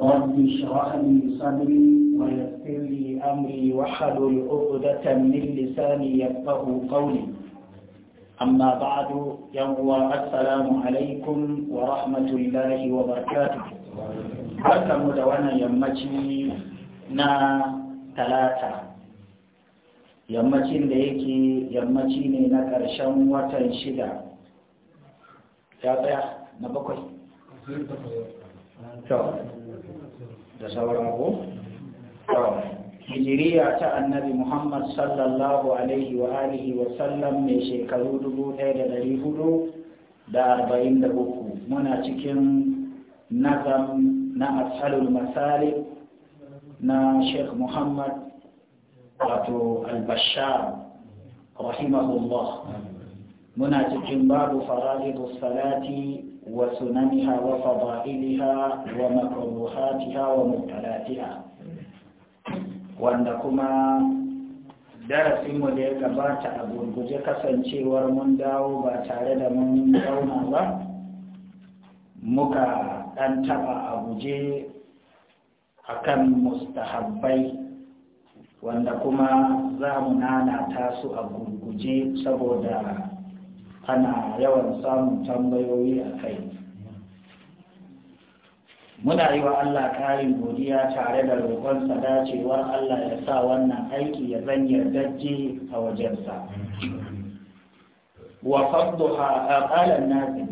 رب اشرح لي صدري ويسر لي امري واحلل عقدة من لساني يفقه قولي اما بعد يوم السلام عليكم ورحمة الله وبركاته barka mu da wannan yammaci na talata yammacin da yake yammaci ne na ƙarshen watan shida ya tsaya na bakwai da sauran ko hijiriya ta annabi muhammad sallallahu alaihi wa alihi wa sallam mai shekaru dubu ɗaya da ɗari hudu da arba'in da uku muna cikin nazam na asalul masali na sheikh muhammad wato albashar rahimahullah muna cikin babu fara'idu salati وسننها وفضائلها ومكروهاتها ومبتلاتها wanda kuma darasinmu da ya gabata a gurguje kasancewar mun dawo ba tare da mun zauna ba muka ɗan taɓa a guje a kan mustahabbai wanda kuma za mu nana tasu a gurguje saboda ana yawan samun tambayoyi a kai muna yi wa Allah ƙarin godiya tare da roƙonsa dacewar Allah ya sa wannan aiki ya zan yardajje a wajensa wa fadluha aqala an-nas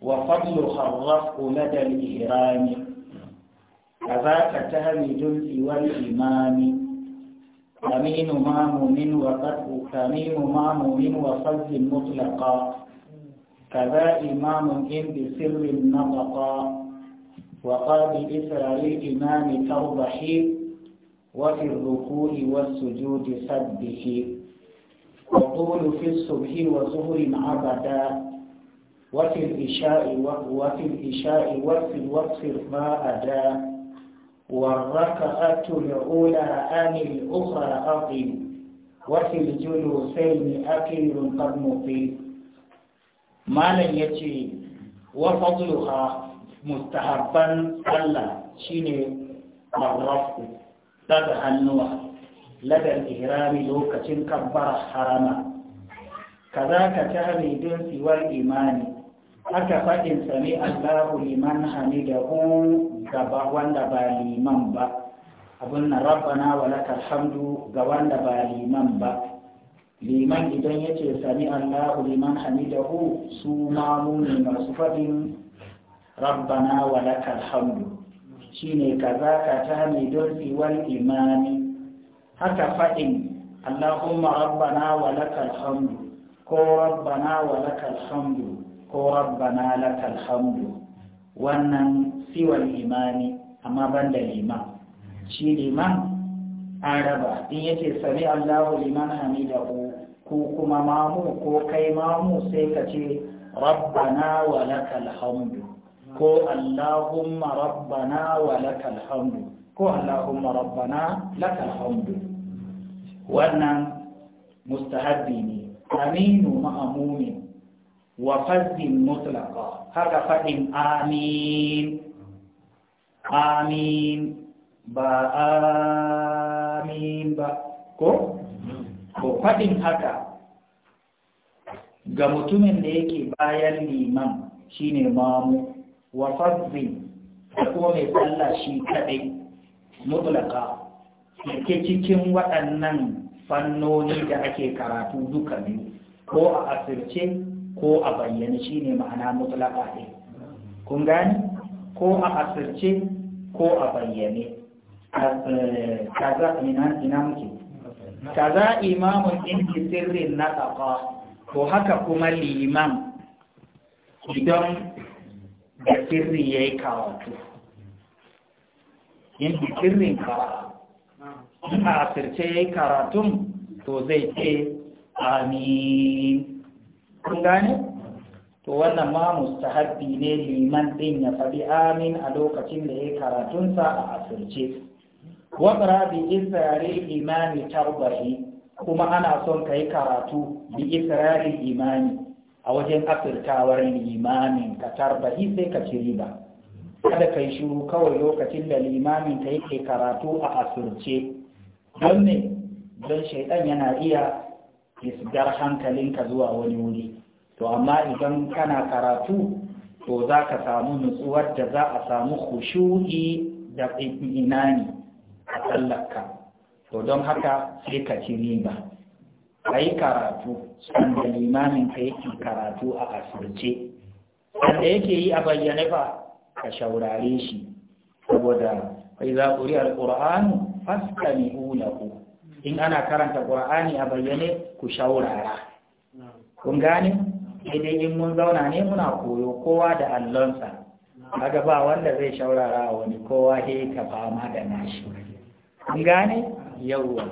wa fadluha ar-raf'u lada al imami أمين ما مؤمن وقد أمين ما مؤمن وفضل مطلقا كذا إمام إن بسر نطقا وقال بإسرى للإمام تربحي وفي الركوع والسجود سبه وطول في الصبح وظهر عبدا وفي الإشاء وفي الإشاء وفي الوقف ما أدا والركعة الأولى أم الأخرى أقل وفي الجلوسين أكل قد مقيم ما لن يتي وفضلها مستحبا ألا شين مغرف لدى النوع لدى الإهرام لوكة كبر حرما كذاك تعني دون سوى الإيمان أكفت إن سمع الله لمن حمده gaba wanda ba liman ba abin na rabbana wa lakal hamdu ga wanda ba liman ba liman idan ya ce sami allahu liman hamidahu su mamu ne masu faɗin rabbana wa lakal hamdu shine kaza ka ta mai don wal imani haka faɗin allahumma rabbana wa lakal hamdu ko rabbana wa lakal hamdu ko rabbana lakal hamdu wannan siwal imani amma ban da liman shi liman an raba in yace sami allahu liman hamidahu ko kuma mamu ko kai mamu sai ka ce rabbana wa lakal hamdu ko allahumma rabbana wa lakal hamdu ko allahumma rabbana lakal hamdu wannan mustahabbi ne aminu ma'amumin wa fazzin mutlaka haka fadin amin amin ba amin ba ko? ko faɗin haka ga mutumin da yake bayan liman shine mamu wa fadzi ko kuma mai tsalla shi kaɗai mutulaka ke cikin waɗannan fannoni da ake karatu duka biyu ko a asirce ko a bayyane shine ma'ana mutlaka ɗai kun gani? ko a asirce ko a bayyane eh, kaza ina muke kaza imamun inki sirrin na tsaka to haka kuma liman idan da sirri ya yi karatu inki sirrin kara in a asirce ya yi karatun to zai ce amin kun gane? to wannan ma mustahabbi ne liman ɗin ya faɗi amin a lokacin da ya karatunsa a asirce waƙara bi isra'il imani tarbahi kuma ana son ka karatu bi isra'il imani a wajen asirtawar limamin ka tarbahi sai ka ci riba kada kai shiru kawai lokacin da limamin ka yake karatu a asirce don ne don shaidan yana iya isgar hankalinka zuwa wani wuri to amma idan kana karatu to za ka samu nutsuwar da za a samu khushu'i da inani a tsallaka to don haka sai ka ci riba a yi karatu da limamin ka yake karatu a asirce wanda yake yi a bayyane ba ka shaurare shi saboda kai za ƙuri al'ur'anu faskani ulahu in ana karanta ƙur'ani a bayyane ku shaurara kun gane daidai in mun zauna ne muna koyo kowa da allonsa kaga ba wanda zai shaurara a wani kowa he ka fama da nashi an gane yawwa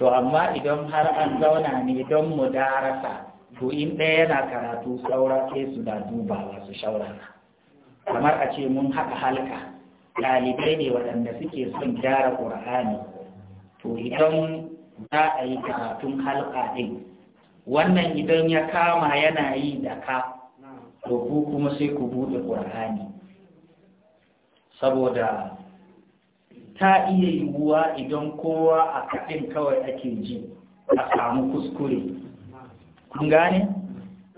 to amma idan har an zauna ne don mu darasa to in ɗaya yana karatu saura su da dubawa su shaurara kamar a ce mun haɗa halka ɗalibai ne waɗanda suke son gyara ƙur'ani to idan za a yi karatun halka ɗin wannan idan ya kama yana yi da ka to ku kuma sai ku buɗe ƙur'ani saboda ta iya yiwuwa idan kowa a kaɗin kawai ake ji a samu kuskure kun gane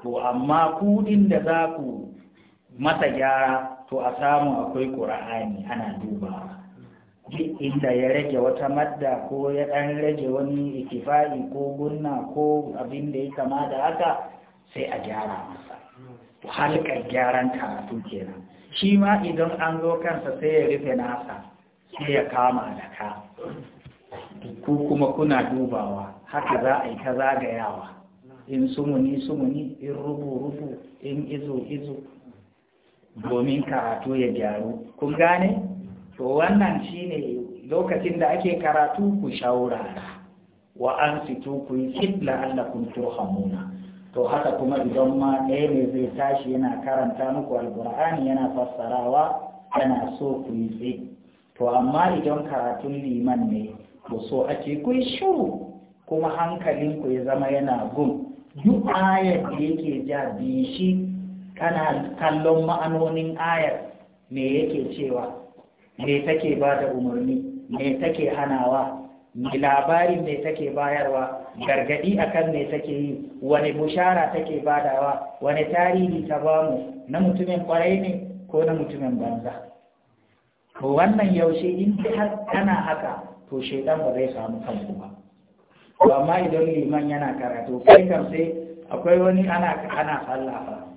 to amma kuɗin da za ku mata gyara to a samu akwai ƙur'ani ana dubawa duk inda ya rage wata madda ko ya ɗan rage wani ikifa'i ko gunna ko abin da ya kama da haka sai a gyara masa halkar gyaran karatu kenan shi ma idan an zo kansa sai ya rufe nasa sai ya kama da ka ku kuma kuna dubawa haka za a yi ta zagayawa in sumuni sumuni in rubu rubu in izo izo domin karatu ya gyaru kun gane to wannan shine lokacin da ake karatu ku shaurara wa an fito ku yi kibla allakum turhamuna to haka kuma idan ma ɗaya ne zai tashi yana karanta muku alkur'ani yana fassarawa yana so ku yi tsaye to amma idan karatun liman ne to so ake ku yi shuru kuma hankalin ku ya zama yana gum duk ayar da yake ja shi, kana kallon ma'anonin ayar me yake cewa me take ba da umarni me take hanawa me labarin me take bayarwa gargadi akan me take yi wani bushara take badawa wani tarihi ta bamu na mutumin kwarai ne ko na mutumin banza to wannan yaushe in har kana haka to shaidan ba zai samu kanku ba to amma idan liman yana karatu kai kam sai akwai wani ana ana sallah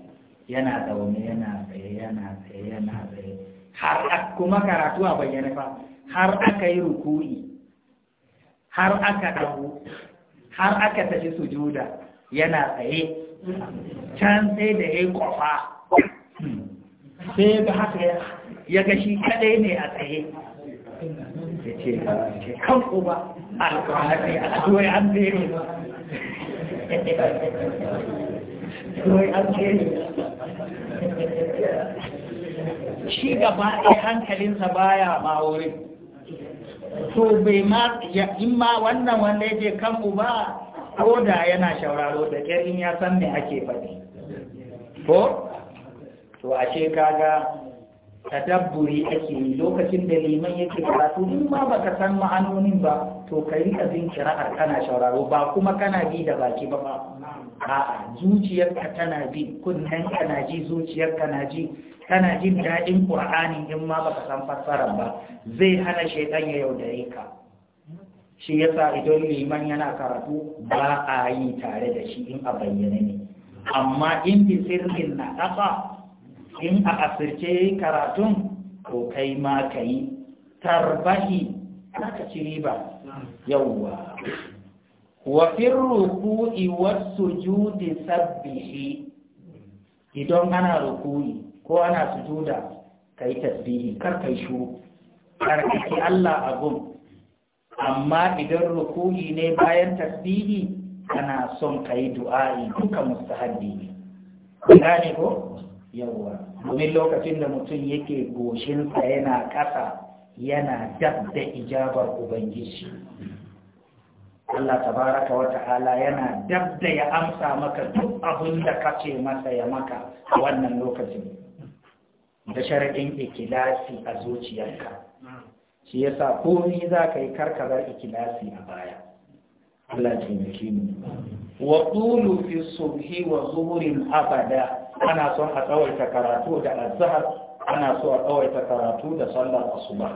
yana zaune yana tsaye yana tsaye yana tsaye har kuma karatu a bayyana fa har aka yi rukuni har aka dago har aka tafi sujuda yana tsaye can sai da ya yi kofa sai ga haka ya ga shi kadai ne a tsaye ya ce kan kuma a tuwai an tere shi gaba ɗaya hankalinsa baya ma wurin to bai ma ya ma wannan wanda yake kan ba. ko da yana shauraro da ƙyarin ya san me ake faɗi ko to a ashe kaga tadabburi ake yi lokacin da liman yake karatu in ma baka san ma'anonin ba to ka rika jin kira'ar kana shauraro ba kuma kana bi da baki ba ba a'a zuciyarka tana bi kunnen kana ji zuciyarka na ji kana jin daɗin ƙur'ani in ma baka san fassarar ba zai hana shaitan ya yaudare ka shi ya sa idan liman yana karatu ba a yi tare da shi in a bayyane ne amma in bi sirrin na ƙasa in a asirce karatun Ko kai ma ka yi tarbahi za ka ci riba yawwa wa firruku wasu sujudi sabbihi idan ana rukuni ko ana sujuda ka yi tasbihi kar ka yi shuru karkaki Allah a gun amma idan ruku'i ne bayan tasbihi kana son ka yi du'a'i duka mustahabbi ne gane ko yawwa domin lokacin da mutum yake goshinsa yana ƙasa yana dab da ijabar ubangiji Allah tabaraka wa ta'ala yana dab da ya amsa maka duk abin da kace masa ya maka wannan lokacin da sharaɗin ikilasi a zuciyarka shi yasa komi za ka yi karkarar ikilasi a baya Allah taimake mu wa tulu fi subhi wa zuhurin abada ana son a tsawaita karatu da azhar ana so a tsawaita karatu da sallar asuba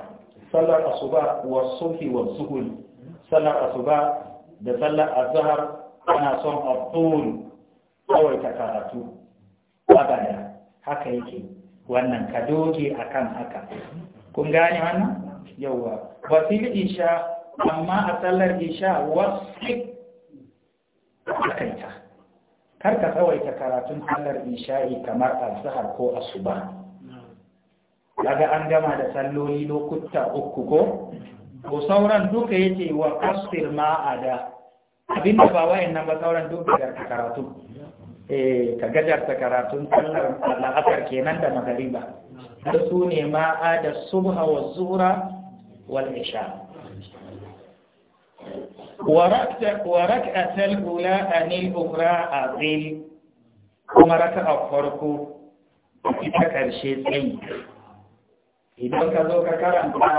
sallar asuba wa subhi wa zuhur sallar asuba da sallar azhar ana son a tulu tsawaita karatu abada haka yake wannan ka a akan haka kun gane wannan yawa yi isha amma a sallar isha wasik akaita kar ka tsawaita karatun sallar isha'i kamar azhar ko asuba daga an gama da salloli lokuta uku ko ko sauran duka yake wa qasir ma'ada ada abinda ba nan ba sauran duka da karatu eh ka ta karatun sallar al'asar kenan da magariba har su ne ma'a da subha wa zura wal isha وركعة الأولى a الأخرى kuma raka a farko ita ƙarshe tsayi idan ka zo ka karanta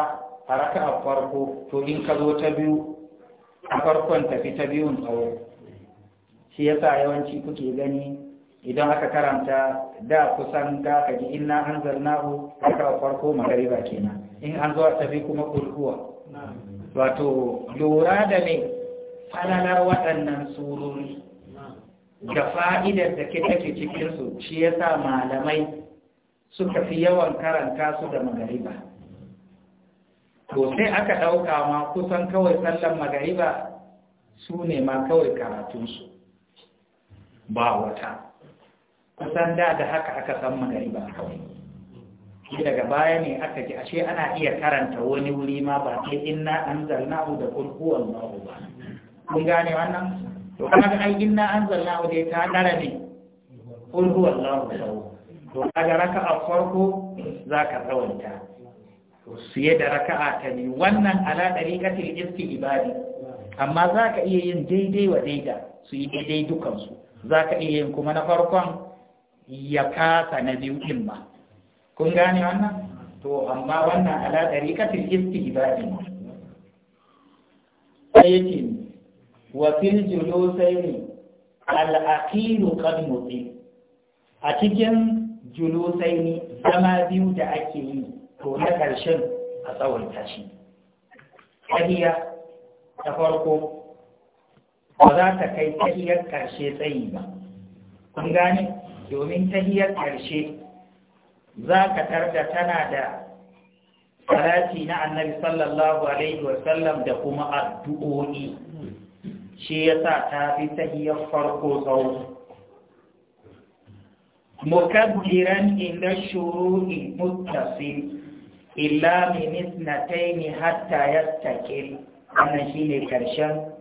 a raka a farko to in ka zo ta biyu a farkon tafi ta biyun tsawo shi ya sa yawanci kuke gani idan aka karanta da kusan ka ji kaji inna anzalnahu aka farko magariba kenan in an zo tafi kuma kulkuwa wato lura da ne falalar waɗannan sururi. da fa'idar da ke take cikinsu shi ya sa malamai suka fi yawan karanta su da magariba to sai aka ɗauka ma kusan kawai sallan magariba su ne ma kawai karatunsu ba wata kusan da da haka aka san ba kawai shi daga baya ne aka ji ashe ana iya karanta wani wuri ma ba sai inna hu da qul huwallahu ba kun gane wannan to kuma ga ai inna hu da ta dara ne qul huwallahu sau to kaga a farko zaka tsawanta to siye da raka'a ta ne wannan ala dariqatil ibadi amma zaka iya yin daidai wa daida su yi daidai dukansu za ka iya yin kuma na farkon ya kasa na biyu in ba. kun gane wannan to amma wannan ala ɗariƙatin ibadi ne sai ce wa fil julusaini al-aqilu qad muti a cikin julusaini zama biyu da ake yi to na ƙarshen a tsawon tashi ƙariya ta farko ba za ta kai tahiyar ƙarshe tsayi ba kun gane domin tahiyar ƙarshe za ka tarda tana da salati na annabi sallallahu alaihi wasallam da kuma addu'o'i shi ya sa ta fi tahiyar farko tsawo mukabbiran inda shuru'i muttasil illa min hatta yastaqil wannan shi ne ƙarshen.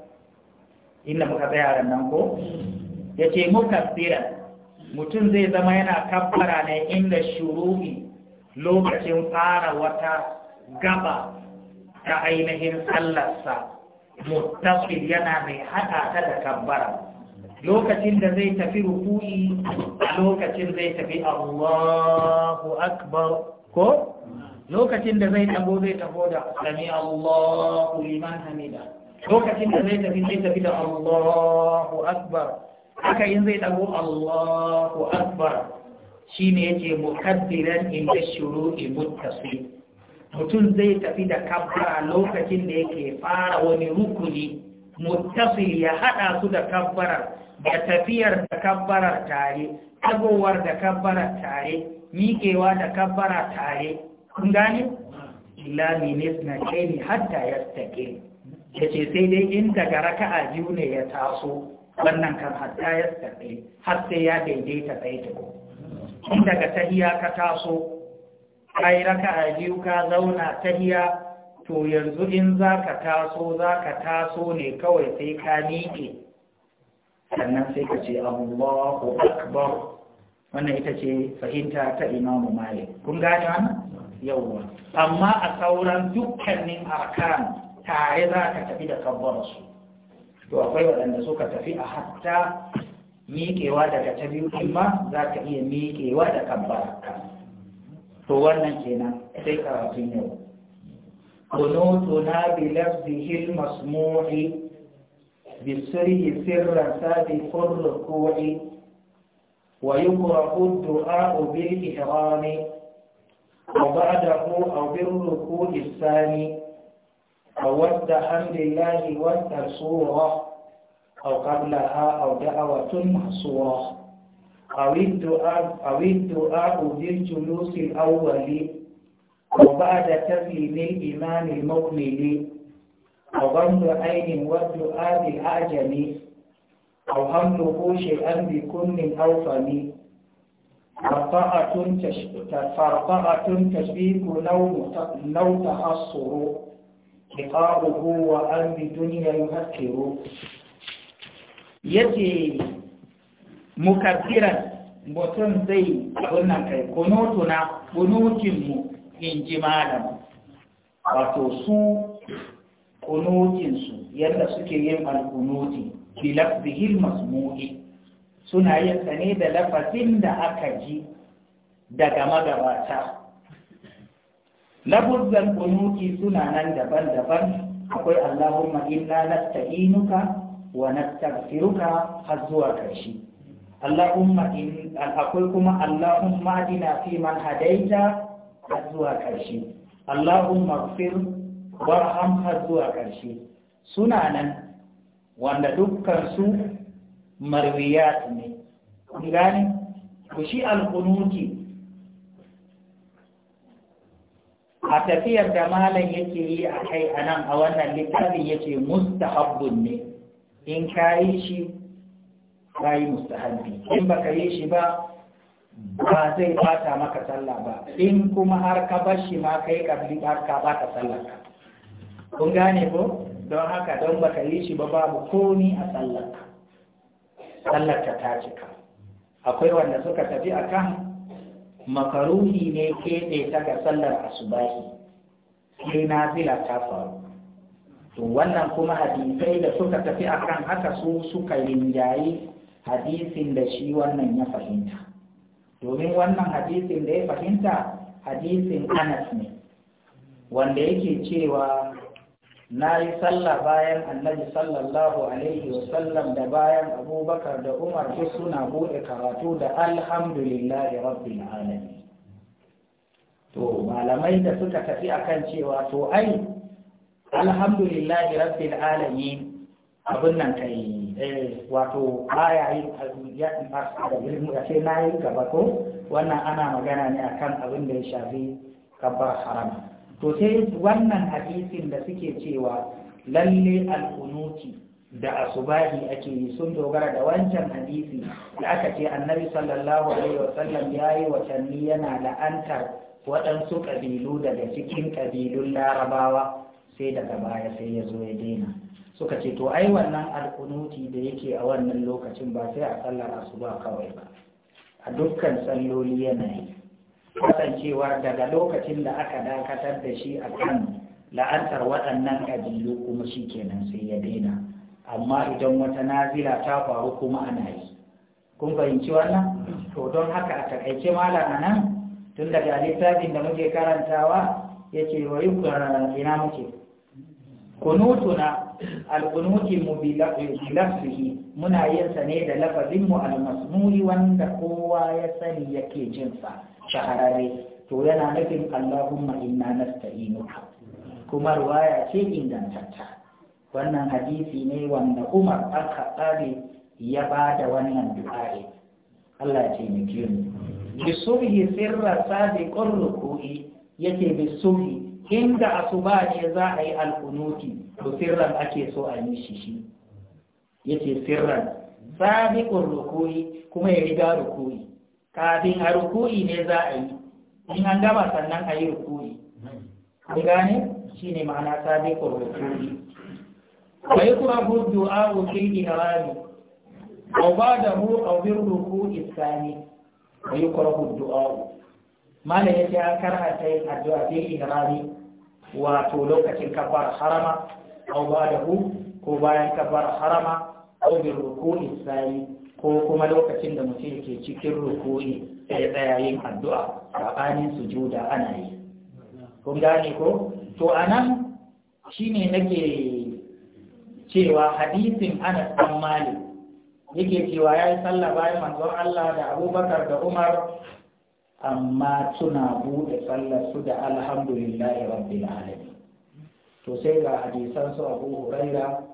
inda muka tsaya nan ko ya ce tsira mutum zai zama yana kabbara ne inda shuru'i lokacin fara wata gaba ta ainihin sallarsa muttafil yana mai haɗa ta da kabbara lokacin da zai tafi Rukuni, a lokacin zai tafi Allahu akbar ko lokacin da zai tabo zai tabo da sami Allahu liman hamida lokacin da zai tafi zai tafi da Allahu Akbar haka yin zai dago Allahu Akbar shine yake muqaddiran inda shuru'i muttasil mutum zai tafi da kabba lokacin da yake fara wani rukuni muttasil ya hada su da kabbara da tafiyar da kabbara tare tagowar da kabbara tare miƙewa da kabbara tare kun gani ila minis na hatta stake ya ce sai dai in daga raka'a biyu ne ya taso wannan kan hatta ya tsaye har sai ya daidaita tsaye ko in daga tahiya ka taso kai raka'a biyu ka zauna tahiya to yanzu in za ka taso za ka taso ne kawai sai ka miƙe sannan sai ka ce Allahu akbar wannan ita ce fahimta ta imamu Malik kun gane wannan yawwa amma a sauran dukkanin arkan tare za ka tafi da su to akwai waɗanda suka tafi a hatta miƙewa daga ta biyu ma za ka iya miƙewa da kabbara to wannan kenan sai karatun yau kunutu na bi lafzihil masmuhi bi sirri sirran sabi furrukuri wa yi kurakun du'a ubin ihrami wa ba'adahu a birrukuri sani أو ود حمد الله ود صورة أو قبلها أو دعوة محصورة أو الدعاء أو الدعاء بالجلوس الأول وبعد تسليم الإمام المكمل أو غمض عين والدعاء بالأعجم أو حمله شيئا بكن أو فم فرقعة تشبيك لو لو تحصر liqa'uhu wa an bi Ya ce mu mukaffiran mutum zai wannan kai kunotuna kunotinmu in ji malam wato su kunotinsu yadda suke yin alkunuti bi lafzihil masmu'i suna yin sane da lafazin da aka ji daga magabata labuzzan kunuki suna nan daban-daban akwai Allahumma inna nasta'inuka wa nastaghfiruka har zuwa karshe Allahumma in akwai kuma Allahumma adina fi man hadaita har zuwa karshe Allahumma ighfir warham har zuwa karshe suna nan wanda dukkan su marwiyat ne kun gane ku shi alkunuti a tafiyar da malam yake yi a kai a nan a wannan littafin yake mustahabbun ne in ka yi shi ka yi mustahabbi in ba ka yi shi ba ba zai bata maka sallah ba in kuma har ka bar shi ma kai ka bi ba ka bata sallah ka kun gane ko don haka don ba ka yi shi ba babu komi a sallah ka sallah ta ta cika akwai wanda suka tafi a akan makaruhi ne keɓe ta ga sallar asubahi sai zila ta faru to wannan kuma hadisai da suka tafi akan haka su suka rinjaye hadisin da shi wannan ya fahimta domin wannan hadisin da ya fahimta hadisin anas ne wanda yake cewa na yi sallah bayan annabi sallallahu alaihi wasallam da bayan abubakar da umar duk suna buɗe karatu da alhamdulillah da rabbil alamin to malamai da suka tafi akan cewa to ai da rabbil alamin abin nan kai eh wato aya ya da ilmu da ce na yi gaba ko wannan ana magana ne akan abin da ya shafi kabbar harama to sai wannan hadisin da suke cewa lalle alkunuti da asubahi ake yi sun dogara da wancan hadisi da aka ce annabi sallallahu alaihi sallam ya yi watanni yana la'antar waɗansu ƙabilu daga cikin ƙabilun larabawa sai daga baya sai ya zo ya daina suka ce to ai wannan alkunuti da yake a wannan lokacin ba sai a sallar asuba kawai ba a dukkan salloli yana yi kasancewa daga lokacin da aka dakatar da shi a kan la'antar waɗannan ƙabilu kuma shi kenan sai ya daina amma idan wata nazila ta faru kuma ana yi kun fahimci wannan to don haka a takaice malam a nan tun daga littafin da muke karantawa ya ce wa yi ina muke kunutuna alkunuti mu bilafihi muna yin sa ne da lafazinmu almasmuri wanda kowa ya sani yake jinsa shahararre to yana nufin Allahumma inna nasta'inuka kuma ruwaya ce ingantatta wannan hadisi ne wanda Umar al-Khattabi ya ba da wannan du'a'i Allah ya taimake mu bi subhi sirra sadiqur ruku'i yake bi subhi inda asuba ne za a yi alkunuti to sirran ake so a yi shi shi yace sirran sadiqur ruku'i kuma ya riga ruku'i kafin a rukuni ne za a yi in an gama sannan a yi rukuni. an gane shi ne ma'ana sabiqur ruku'i wa yakrahu du'a fi ihrami aw ba'dahu aw bi ruku'i thani wa yakrahu du'a ya ce an karanta yin addu'a fi ihrami wato lokacin kafar harama a da mu ko bayan kafar harama a wurin ruku'i sani ko kuma lokacin da mutum ke cikin rukuni sai tsaya yin addu'a saɓanin sujuda ana yi kun gane ko to anan shine nake cewa hadisin Anas ɗan Malik yake cewa yayi sallah bayan manzon Allah da Abubakar da Umar amma suna buɗe sallar su da alhamdulillahi rabbil alamin to sai ga hadisan su Abu Hurairah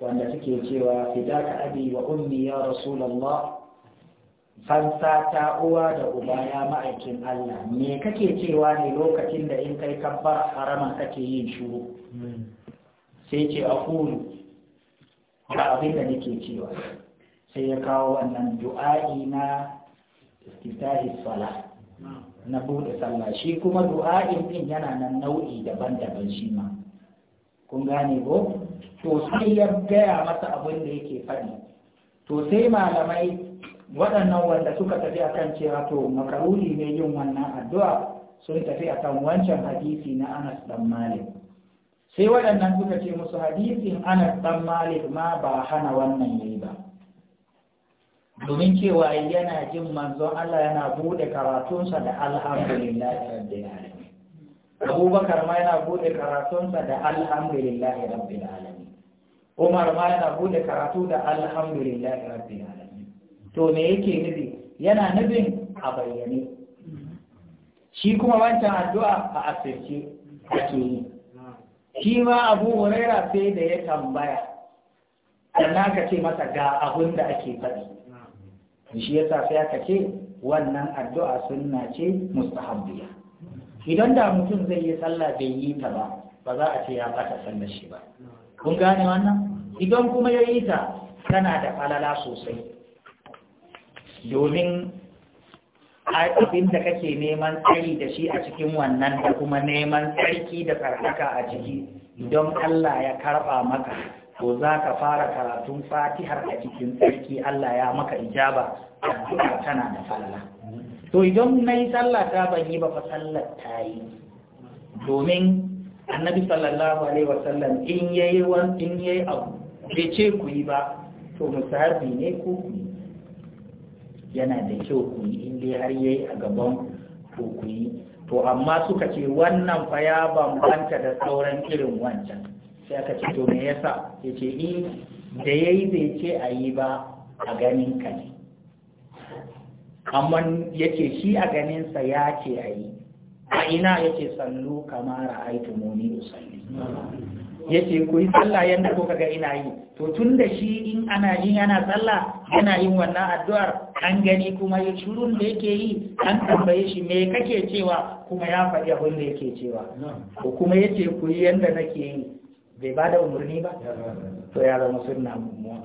wanda suke cewa fidaka abi wa ummi ya rasulullah fansa ta uwa da uba ya ma'aikin Allah me kake cewa ne lokacin da in kai kabbar harama kake yin shuru sai ce a kulu abin da nake cewa sai ya kawo wannan du'a'i na istitahi sala na buɗe sallah shi kuma du'a'in din yana nan nau'i daban-daban shi ma kun gane ko to sai ya gaya masa abin da yake faɗi to sai malamai waɗannan wanda suka tafi akan cewa to makaruni ne yin wannan addu'a sun tafi akan wancan hadisi na Anas dan Malik sai waɗannan suka ce musu hadisin Anas ɗan Malik ma ba hana wannan yayi ba domin cewa yana jin manzon Allah yana buɗe karatunsa da alhamdulillah da yare. abubakar ma yana bude karatunsa da alhamdulillahi rabbil alamin umar ma yana bude karatu da alhamdulillahi rabbil alamin to me yake nufi yana nufin a bayyane shi kuma wancan addu'a a asirce ake yi shi ma abu huraira sai da ya tambaya sannan ka ce masa ga abun da ake faɗi shi yasa sai aka ce wannan addu'a sunna ce mustahabbiya idan da mutum zai yi sallah bai yi ta ba ba za a ce ya ɓata sallar shi ba kun gane wannan idan kuma ya yi ta tana da falala sosai domin abin da kake neman tsari da shi a cikin wannan da kuma neman tsarki da tsarkaka a ciki idan Allah ya karɓa maka to za ka fara karatun fatihar a cikin tsarki Allah ya maka ijaba addu'a tana da falala to idan na yi sallah ta ban yi ba fa sallar ta yi domin annabi sallallahu alaihi wasallam in yayi wan in yayi abu bai ce ku yi ba to musahabi ne ko ku yana da kyau ku yi in dai har yayi a gaban ku ku yi to amma suka ce wannan fa ya bambanta da sauran irin wancan sai aka ce to me yasa yace in eh, da yayi bai ce a yi ba a ganin ka ne amma yake shi a ganinsa ya ce a yi a ina yake sallu kamar a aitu muni usalli yake ku yi sallah yadda ko kaga ina yi to tun da shi in ana yin yana sallah yana yin wannan addu'ar an gani kuma ya shurun da yake yi an tambaye shi me kake cewa kuma ya faɗi abin da yake cewa ko kuma yace ku yi yadda nake yi bai ba da umarni ba to ya zama sunna mu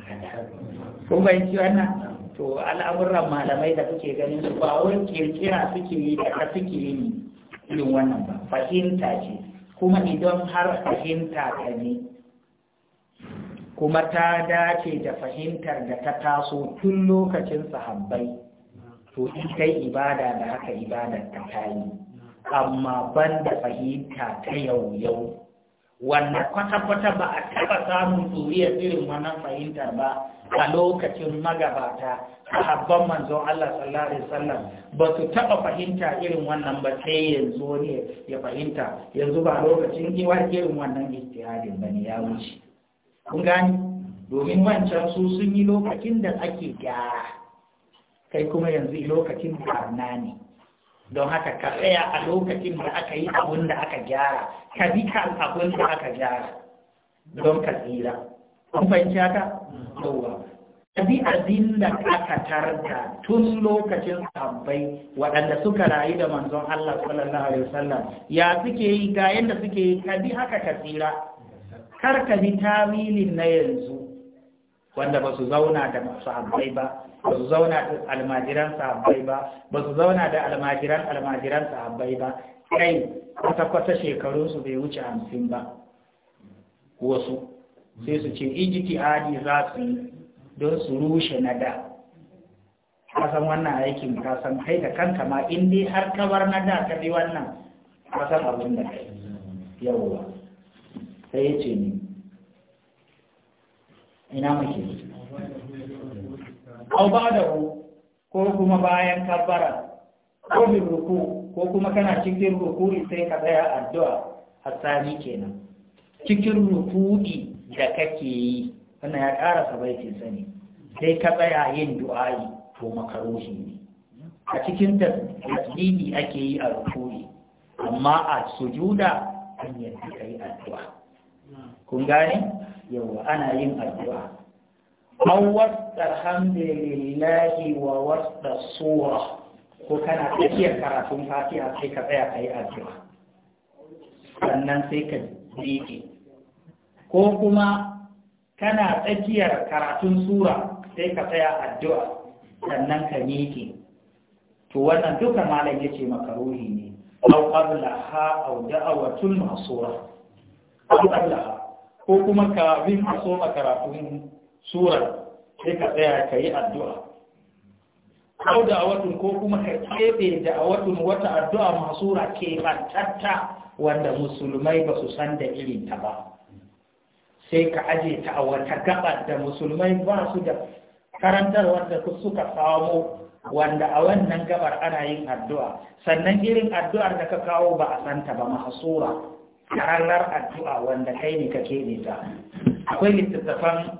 kun bayanci wannan to al'amuran malamai da suke ganin su ba wani kirkira suke yi da ka suke yi irin wannan ba fahimta ce kuma idan har fahimta ka ne kuma ta dace da fahimtar da ta taso tun lokacin sahabbai to in kai ibada da haka ibadar ta tayi amma ban da fahimta ta yau yau wanda kwata-kwata ba a taɓa samun zuriyar irin wannan fahimtar ba a lokacin magabata a habban manzon Allah sallallahu alaihi wasallam ba su taɓa fahimta irin wannan ba sai yanzu ne ya fahimta yanzu ba lokacin iwa irin wannan istihadin ba ne ya wuce kun gani domin wancan su sun yi lokacin da ake gyara kai kuma yanzu lokacin barna ne don haka ka tsaya a lokacin da aka yi abun da aka gyara ka bi kan abun da aka gyara don ka tsira kun fahimci haka yawa ka bi abin da aka tarda tun lokacin sabbai waɗanda suka rayu da manzon Allah sallallahu alaihi wasallam ya suke yi ga yanda suke yi ka bi haka ka tsira kar ka bi tawilin na yanzu wanda ba su zauna da sahabbai ba ba su zauna da almajiran sahabbai ba ba su zauna da almajiran almajiran sahabbai ba kai kwata-kwata su bai wuce hamsin ba wasu sai su ce ijiti adi za su yi don su rushe na da kasan wannan aikin kasan kai da kanka ma in dai har kabar na da ka bi wannan kasan abin da kai yawwa sai ya ce ni ina muke au ba da ku, ko kuma bayan kabbara ko bin ruku ko kuma kana cikin ruku'i sai ka tsaya addu'a hasani kenan cikin ruku'i da kake yi wannan ya ƙara sabaitin sani sai ka tsaya yin du'a'i ko makaroshi ne a cikin tasbihi ake yi a ruku'i amma a sujuda an yadda yi addu'a kun gane yawa ana yin addu'a an wasta alhamdulillahi wa wasta sura ko kana tsakiyar karatun fatiha sai ka tsaya ka yi addu'a sannan sai ka miƙe ko kuma kana tsakiyar karatun sura sai ka tsaya addu'a sannan ka miƙe to wannan duka malam yace makaruhi ne au qabla ha au da'awatul masura au qabla ko kuma kafin a a karatun sura sai ka tsaya ka yi addu'a ko da awatun ko kuma ka kebe da awatun wata addu'a sura ke bantatta wanda musulmai ba su san da irin ta ba sai ka aje ta a wata gabar da musulmai ba su da karantar wanda suka samo wanda a wannan gabar ana yin addu'a sannan irin addu'ar da ka kawo ba a santa ba mahasura ranar addu'a wanda kai ne ka keɓe ta akwai littattafan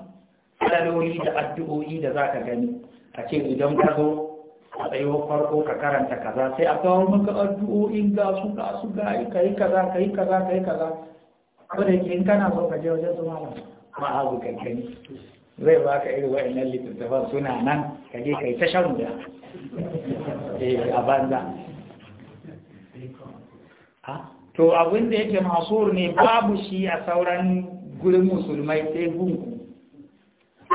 tsaloli da addu'o'i da za ka gani a ce idan ka zo a tsayuwar farko ka karanta kaza sai a kawo maka addu'o'in ga su ga su ga yi ka yi kaza ka yi kaza ka yi kaza ko da ke in kana zo ka je wajen ba ma a ka gani zai ba ka irin wa'annan littattafan suna nan ka je ka yi ta shan da eh, a banza to abin da yake masur ne babu shi a sauran gurin musulmai sai gunku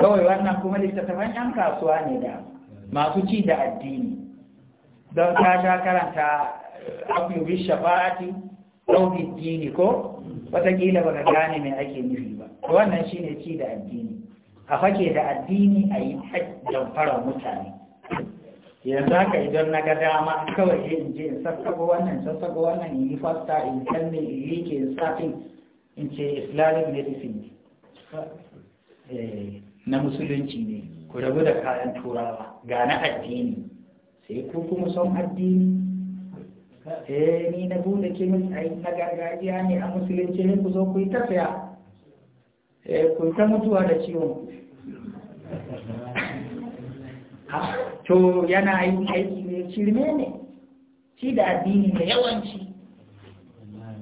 kawai wannan kuma littattafan yan kasuwa ne da masu ci da addini don ta sha karanta uh, abubuwan shafa'ati ɗaukin dini ko watakila ba ka gane mai ake nufi ba wannan shi ne ci da addini a fake da addini a yi damfara mutane yanzu haka idan na ga dama kawai in je in sassago wannan sassago wannan in yi fasta in kalli in yi ke safin in ce islamic medicine eh, na musulunci ne ku rabu da kayan turawa ga na addini sai ku kuma son addini eh ni na bude kemis a na gargajiya ne a musulunci ne ku zo ku yi tafiya eh ku ta mutuwa da ciwon to yana yin aiki ne shirme ne shi da addini da yawanci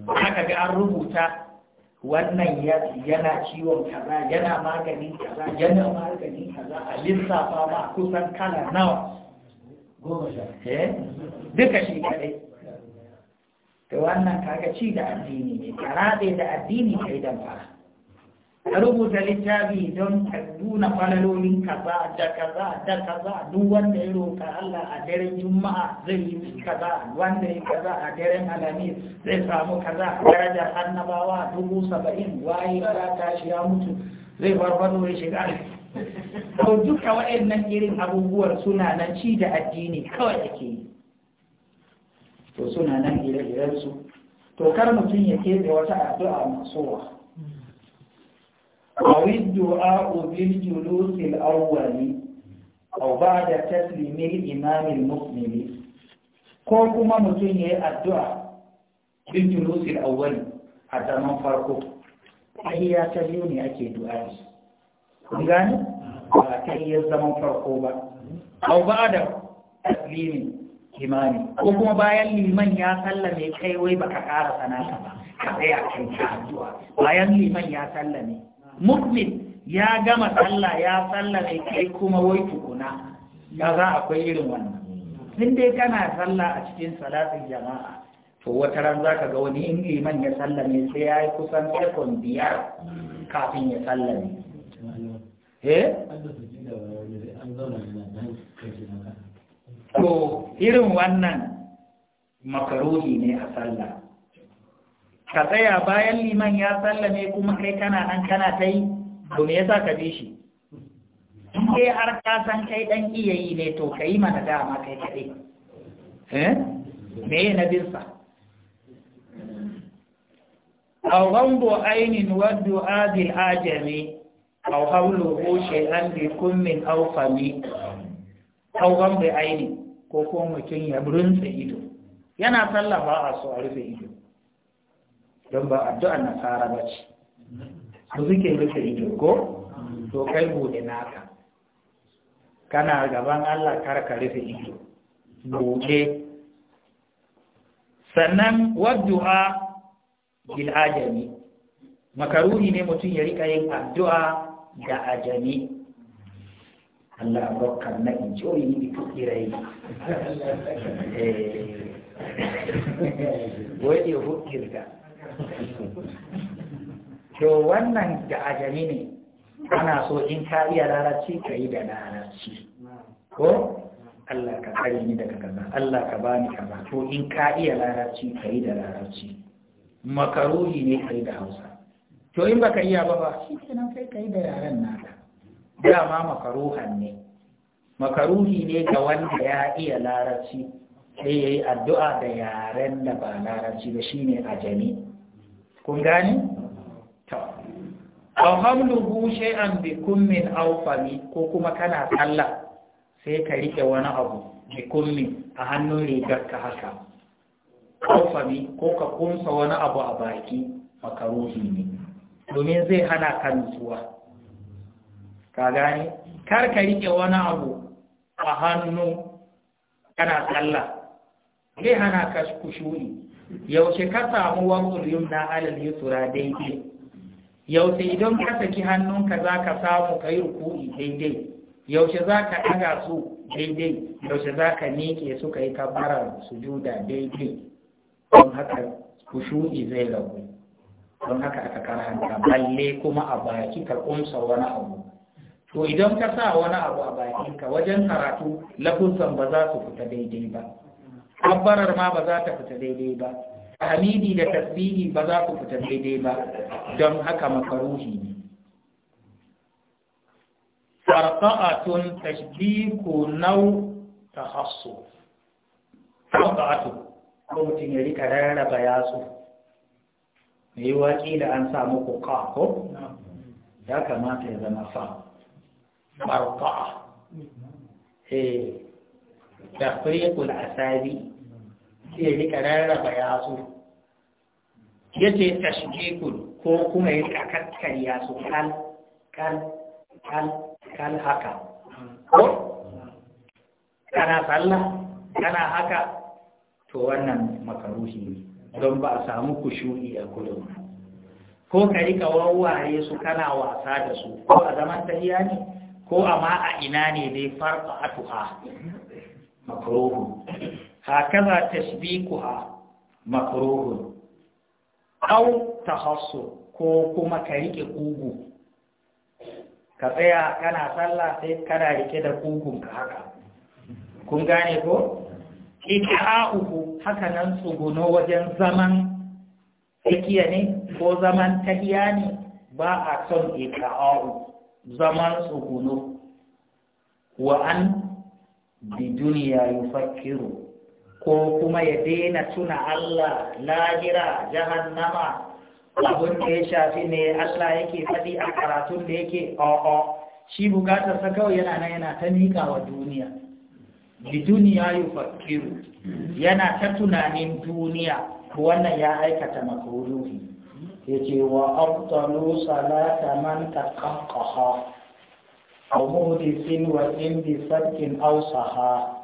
haka ga an rubuta wannan yana ciwon kaza yana maganin kaza yana maganin kaza a lissafa ba kusan kala nawa goma ke? Eh? duka shi kadai to wannan kaga ci da addini ne da addini kai damfara ka rubuta littafi don ka nuna falalolin kaza da kaza da kaza duk wanda ya roƙa Allah a daren juma'a zai yi kaza wanda ya kaza a daren alamis zai samu kaza darajar annabawa dubu saba'in waye ya tashi ya mutu zai farfado ya shiga to duka waɗannan irin abubuwan suna nan ci da addini kawai ke yi to suna nan ire-irensu to kar mutum ya keɓe wata addu'a wa. أو الدعاء بالجلوس الأول أو بعد تسليم الإمام المسلم ko kuma mutum ya yi addu'a bin julusil awwali a zaman farko tahiyya ta biyu ne ake du'a'i kun gane ba tahiyyar zaman farko ba au ba da taslimin imani ko kuma bayan liman ya sallame kai wai baka ƙara sanata ba ka kai ta addu'a bayan liman ya sallame mu'min ya gama sallah ya sallah sai, kai kuma wai tukuna ya za akwai irin wannan in dai kana sallah a cikin salatin jama'a to wata ran za ka ga wani in iman ya sallame sai ya yi kusan sekon biyar kafin ya sallame eh? to irin wannan makaruhi ne a sallah ka tsaya bayan liman ya sallame kuma kai kana nan kana ta yi to me yasa ka bi shi in dai har ka san kai dan iyayi ne to ka yi mana dama kai kaɗai eh me na binsa aw ghamdu aynin wa du'a bil ajami aw hawluhu shay'an bi kummin aw fami aw ghamdu ko ko mutum ya rintsa ido yana sallama a so a rufe ido don ba addu'ar nasara ba ce su suke rufe ido ko to kai buɗe naka kana gaban Allah karka rufe ido buɗe sannan waddu'a bil ajami makaruni ne mutum ya rika yin addu'a ga ajami Allah abokan na injoyi ku irai eh. wai ya hukirka. to wannan da ajami ne ana so in ka iya larabci ka yi da larabci ko Allah ka kare ni daga kaza Allah ka bani kaza to in ka iya larabci ka yi da larabci makaruhi ne ka yi da hausa to in baka iya ba ba shi kenan sai ka yi da yaren naka dama makaruhan ne makaruhi ne ga wanda ya iya larabci sai ya yi addu'a da yaren da ba larabci ba shine ajami kun gani? aw hamluhu shay'an bi kummin aw fami ko kuma kana kalla sai ka rike wani abu bi kummin a hannun rigar ka haka aw fami ko ka kunsa wani abu a baki makaruhi ne domin zai hana ka nutsuwa ka gani kar ka rike wani abu a hannu kana kalla zai hana ka kushuri yaushe ka samu wakul yumna alal yusra daidai yaushe idan ka saki hannunka za ka samu ka yi ruku'i daidai yaushe za ka ɗaga su daidai yaushe za ka miƙe su ka yi su sujuda daidai don haka kushu'i zai ragu don haka aka karanta balle kuma a baki ka kumsa wani abu to idan ka sa wani abu a bakinka wajen karatu lafusan ba za su fita daidai ba kabbarar ma ba za ta fita daidai ba hamidi da tasbihi ba za ku fita daidai ba don haka makaruhi ne farqa'atun tashbiku nau tahassu farqa'atun ko mutum ya rika rarraba yatsu yi waki da an samu kuka ko ya kamata ya zama fa farqa'a eh tafriqul asabi sai rika rarraba yasu yace tashkikun ko kuma ya rika kakkan yasu kal kal kal kal haka ko kana sallah kana haka to wannan makaruhi ne don ba a samu kushuri a kullum ko ka rika wawware su kana wasa da su ko a zaman tahiya ne ko amma a ina ne dai farfa atuha makaruhu ta hakaza tasbiquha makruhun aw tahassu ko kuma ka riƙe kugu ka tsaya kana sallah sai kana rike da kugun ka haka kun gane ko iqa'uhu haka nan tsuguno wajen zaman tsakiya ne ko zaman tahiya ne ba a son iqa'u zaman tsuguno wa an bi duniya yufakkiru ko kuma ya daina tuna Allah lahira jahannama abun da ya shafi ne Allah yake faɗi a karatun da yake o'o shi bukatar sa kawai yana nan yana ta mika wa duniya bi duniya yi fakiru yana ta tunanin duniya wannan ya aikata makaruhi ya ce wa abdalu salata man ta kankaha a muhdisin wa in bi sarkin ausaha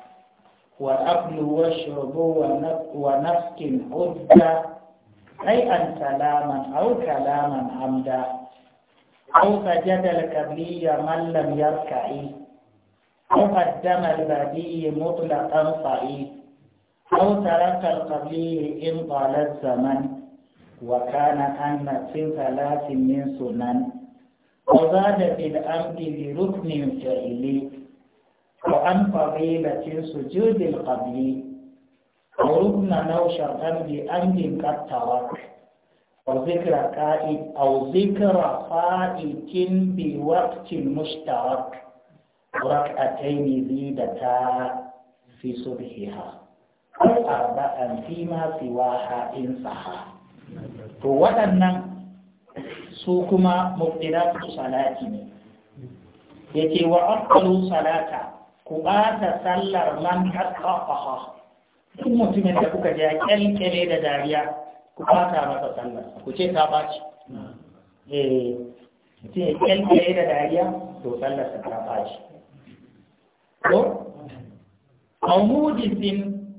وأكلوا واشربوا ونفكن عزة أي أن سلاما أو كلاما عمدا أو سجد الكبلي من لم يركعي أو قدم البدي مطلقا صعيد أو ترك القبلي إن طال الزمن وكان أن في ثلاث من سنن وزاد في الأمر بركن فعلي وعن فضيلة سجود القبلي وربما ركن أو شرطا بأمر قد ترك قائد أو ذكر قائد بوقت مشترك ركعتين زيدتا في صبحها أو أربعا فيما سواها إن صحا هو أن سوكما مبتدأ صلاة يتي وأقل صلاة ku ba ta sallar man haƙaƙaha duk mutumin da kuka ja kyalkyale da dariya ku ta masa sallar ku ce ta baci. eh mutum ya da dariya to sallar sa ta baci. ko maumudisin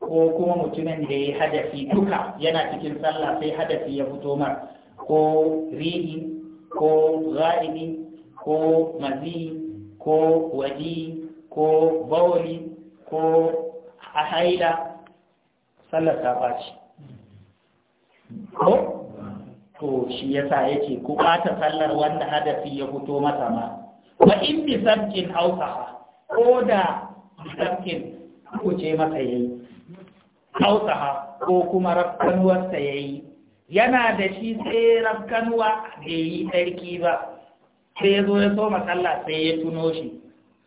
ko kuma mutumin da ya hadafi duka yana cikin sallah sai hadafi ya fito mar ko rihi ko ga'ibi ko mazi ko waji ko bawali ko a haida sallar ta ɓaci ko to shi yasa yake ku ɓata sallar wanda hadafi ya fito mata ma wa in bi sabkin ausaha ko da sabkin ku ce masa yayi ausaha ko kuma rafkanuwarsa yayi yana da shi sai rafkanuwa bai yi tsarki ba sai ya zo ya so masalla sai ya tuno shi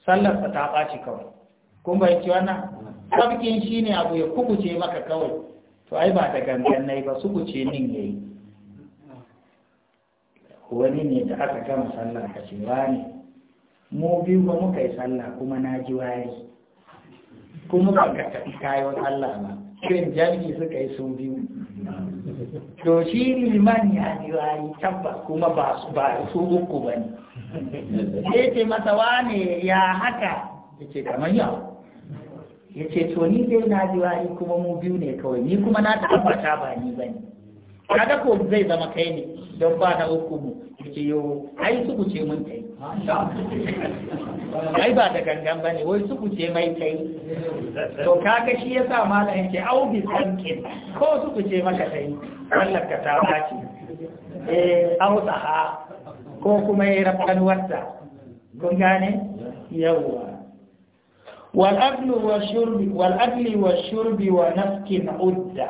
sallarsa ta ɓaci kawai kun bayanci wannan tsarkin shi ne abu ya kubuce maka kawai to ai ba da gangan nai ba su kuce nin ya yi wani ne da aka gama sallah ka ce wani mu biyu ba muka yi sallah kuma na ji wari kuma ba ka tafi kayo sallah ba irin jami'i suka yi sun biyu to shi liman ya ji wari tabbas kuma ba su uku ba ne yake ce masa wane ya haka ya ce kamar yau ya ce to ni dai na ji wani kuma mu biyu ne kawai ni kuma na ta ba ni ba ne kaga ko zai zama kai ne don ba na uku mu ya ce yo ai su kuce mun kai ai ba da gangan ba ne wai su kuce mai kai to kaga shi ya sa malam ce au bi sankin ko su kuce maka kai wallar ka ta bace eh au ha ko kuma ya wata kun gane yawwa wa nafkin والأكل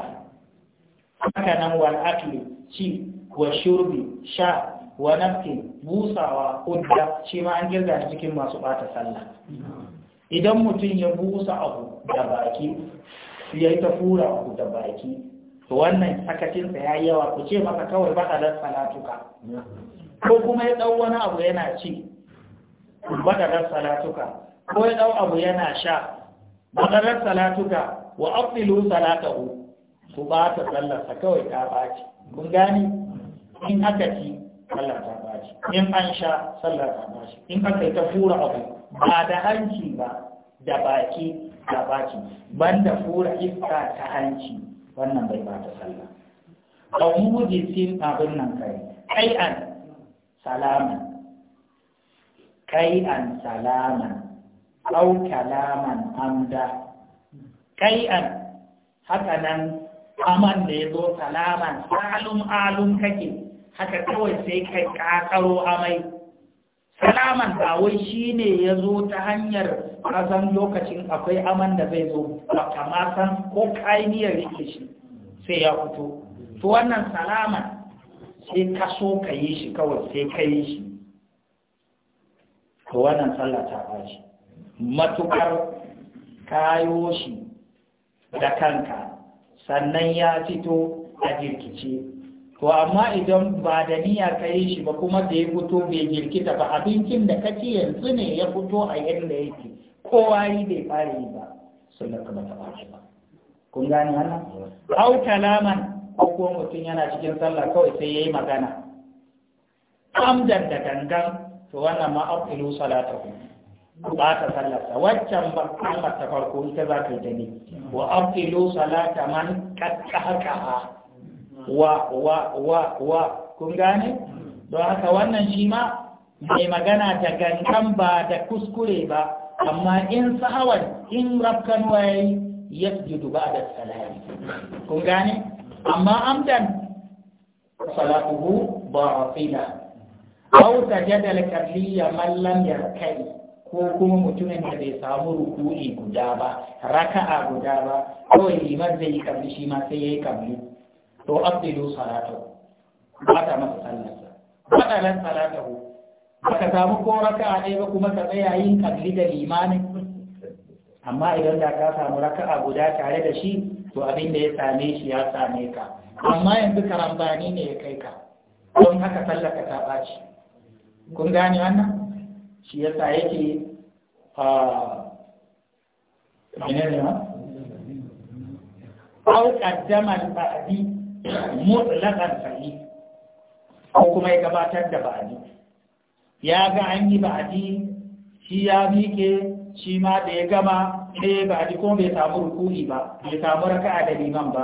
haka nan wal'adli ci wa shurbi sha wa nafkin busawa hudda shi ma an girga a cikin masu bata sallah idan mutum ya busa abu da baki ya yi ta fura abu da baki to wannan sakacinsa ya yawa ku ce maka kawai ba halar salatuka ko kuma ya ɗau wani abu yana ci badarar salatuka ko ya ɗau abu yana sha badarar salatuka wa abdilu salatahu ku ba ta sallarsa kawai ta ɓaci kun gani in aka ci sallar ta ɓaci in an sha sallar ta ɓaci in aka yi ta fura abu ba da hanci ba da baki da ban banda fura iska ta hanci wannan bai ba ta sallah kawo sin abin nan kai ai an salaman kai an salaman au kalaman amda kai an haka nan aman da ya zo salaman alum alum kake haka kawai sai kai kakaro amai salaman ba wai shine ya zo ta hanyar azan lokacin akwai aman da zai zo ba san ko kainiyar rike shi sai ya fito to wannan salaman sai ka so ka yi shi kawai sai ka yi shi to wannan sallah ta bashi matukar kayo shi da kanka sannan ya fito a jirkice to amma idan ba da niyya ka yi shi ba kuma da ya fito bai jirkita ba abincin da ka ci yanzu ne ya fito a yadda yake kowa yi bai fara yi ba sun ka ba ta ba kun gane wannan au kalaman ko mutum yana cikin sallah kawai sai ya yi magana amdan da gangan to wannan ma aqilu salatahu ba ta sallarsa waccan ba kalmar ta farko ita za ta yi da ne wa aqilu salata man kakkaka wa wa wa wa kun gane don haka wannan shi ma mai magana da gangan ba da kuskure ba amma in sahawan in rafkanuwa ya yi yasjudu ba da salami kun gane amma amdan salatuhu ba'atila aw sajada al-qabliya man lam yarkai ko kuma mutumin da bai samu ruku'i guda ba raka'a guda ba kawai liman zai yi kabli shi ma sai yayi kabli to abdilu salatu bata masa sallarsa bata lan salatu. baka samu ko raka'a ɗaya ba kuma ka tsaya yin kabli da limanin amma idan da ka samu raka'a guda tare da shi to abin da ya same shi ya same ka amma yanzu karambani ne ya kai ka don haka tallaka ta ɓaci kun gane wannan shi yasa yake menene ma au qaddama al-ba'di mutlaqan sahih ko kuma ya gabatar da ba'di ya ga an yi ba'di shi ya mike shi ma da ya gama sai ba a ji ko bai samu rukuni ba bai samu raka'a da liman ba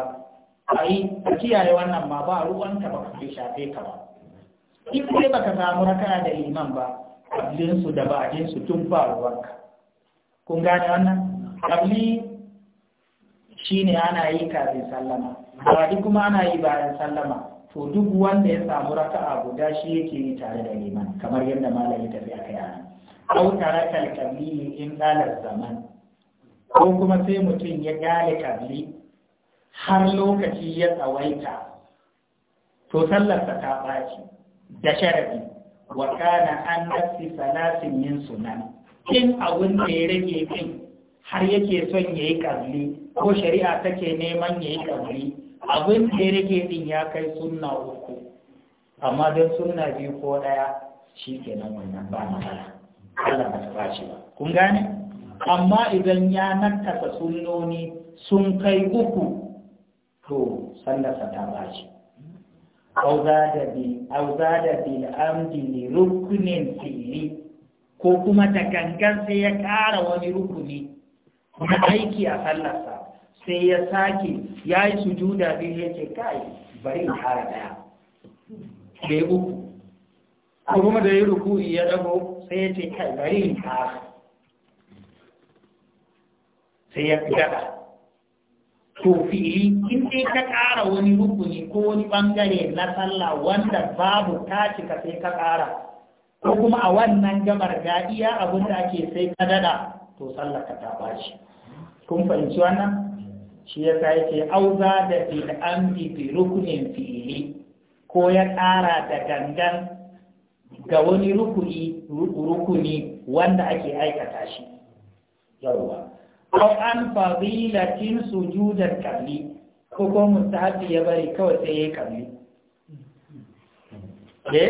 a yi a kiyaye wannan ma ba ruwanka ba ka shafe ka ba in sai baka samu raka'a da liman ba abinsu da ba a jinsu tun ba ruwanka kun gane wannan kabli ne ana yi kafin sallama Ba a kuma ana yi bayan sallama to duk wanda ya samu raka'a guda shi yake yi tare da liman kamar yadda malami fi a kai ana au tare kalkabli in dalar zaman ko kuma sai mutum ya gane kabli har lokaci ya tsawaita to sallarsa ta ɓaci da sharadi wa kana an nafsi salatin min sunan Kin abin da ya rage kin har yake son ya yi ko shari'a take neman ya yi kabli abin da ya rage din ya kai sunna uku amma don sunna biyu ko ɗaya shi kenan wannan ba matsala Allah ba ta ba kun gane? amma idan ya nakasa sunnoni sun kai uku to sallarsa ta baci auza da bil'amdi ne rukunin fili ko kuma ta gangan sai ya ƙara wani rukuni na aiki a sallarsa sai ya sake ya yi su juda biyu ya ce kai bari in hara daya bai uku kuma da ya ruku ya dago sai ya ce kai bari in hara sai ya daɗa to fili in dai ka ƙara wani rukuni ko wani ɓangare na sallah wanda babu ka cika sai ka ƙara ko kuma a wannan gabar gaɗiya iya abin da ake sai ka daɗa to sallah ka ta bashi kun fahimci wannan shi ya sa yake auza da fil an bi rukunin fili ko ya ƙara da gangan ga wani rukuni rukuni wanda ake aikata shi yawwa ko an fadilatin sujudar kalli ko ko mustahabi ya bari kawai sai ya kalli eh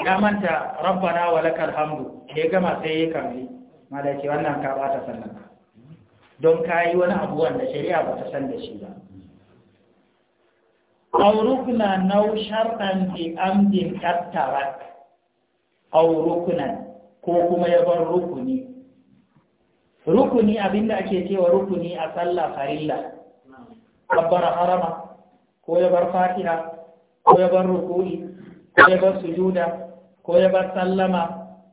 ya manta rabbana wa hamdu ya gama sai ya kalli malaki wannan ka bata sannan don yi wani abu wanda shari'a ba ta san da shi ba aw rukna nau shar'an bi amdin qattarat aw ruknan ko kuma ya bar rukuni rukuni abinda ake cewa rukuni a sallah farilla kabbara harama ko ya bar fatiha ko ya bar rukuni ko ya bar sujuda ko ya bar sallama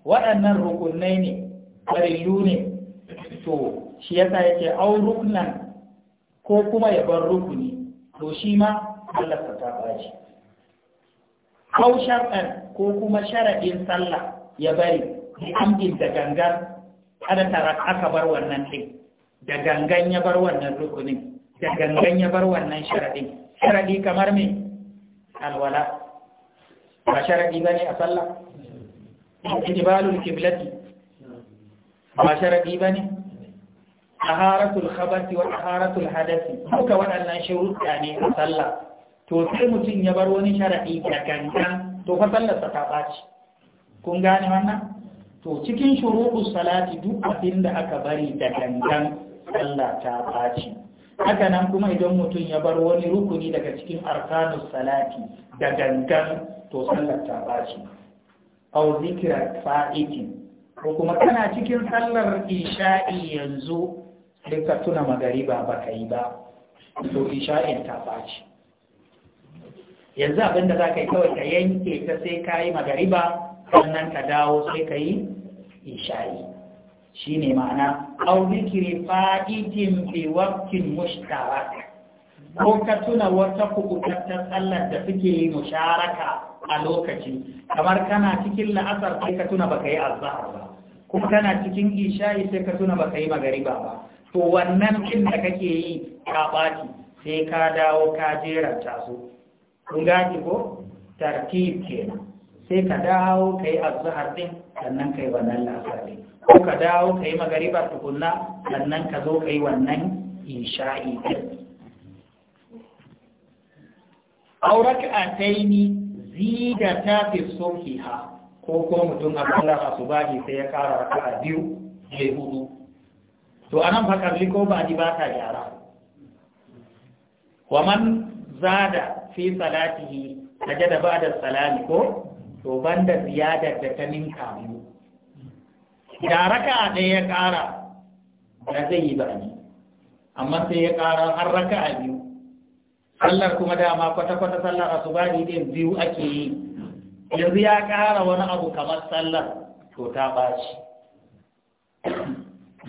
waɗannan rukunai ne farillu ne to shi yasa yake au ruknan ko kuma ya bar rukuni to shi ma Allah ta baci au ko kuma sharaɗin sallah ya bari amdin da gangan Ada tara aka bar wannan ɗin da gangan ya bar wannan rukunin da gangan ya bar wannan sharaɗin sharaɗi kamar me alwala ba sharaɗi ba ne a sallah ikibalul kiblati ba sharaɗi ba ne taharatul khabati wa taharatul hadasi duka waɗannan shuruɗa ne a sallah to sai mutum ya bar wani sharaɗi da gangan to fa sallarsa ta ɓaci kun gane wannan to cikin shuruɗu salati duk abin da aka bari da gangan Allah ta ɓaci haka nan kuma idan mutum ya bar wani rukuni daga cikin arkanus salati da gangan to sallar ta ɓaci au zikira fa'ikin ko kuma kana cikin sallar isha'i yanzu duk ka tuna magariba ba ka yi ba to isha'in ta ɓaci yanzu abinda zaka za yi kawai ka yanke ta sai ka yi magariba sannan ka dawo sai ka yi isha'i shi ne ma'ana auzikiri fa'idin biwaktin mushtara ko ka tuna wata kubutattar tsallar da suke yi musharaka a lokaci kamar kana cikin la'asar sai ka tuna baka yi azahar ba ko kana cikin isha'i sai ka tuna baka yi magariba ba to wannan inda da kake yi ka ɓaci sai ka dawo ka jeranta su kun gaji ko tartib kenan sai ka dawo ka yi azuhar din sannan ka yi wannan lafari ko ka dawo ka yi magariba tukunna sannan ka zo ka yi wannan isha'i din aurak a taini zida ta fi ha, ko ko mutum a su bagi sai ya kara a biyu ya hudu to anan fa kalli ko ba ni ba ta gyara wa man zada fi salatihi ba da salami ko to banda ziyadar da ta ninka mu da raka ɗaya ya ƙara ba zai yi ba ne amma sai ya ƙara har raka a biyu sallar kuma dama kwata-kwata sallar su ne ɗin biyu ake yi yanzu ya ƙara wani abu kamar sallar to ta ɓaci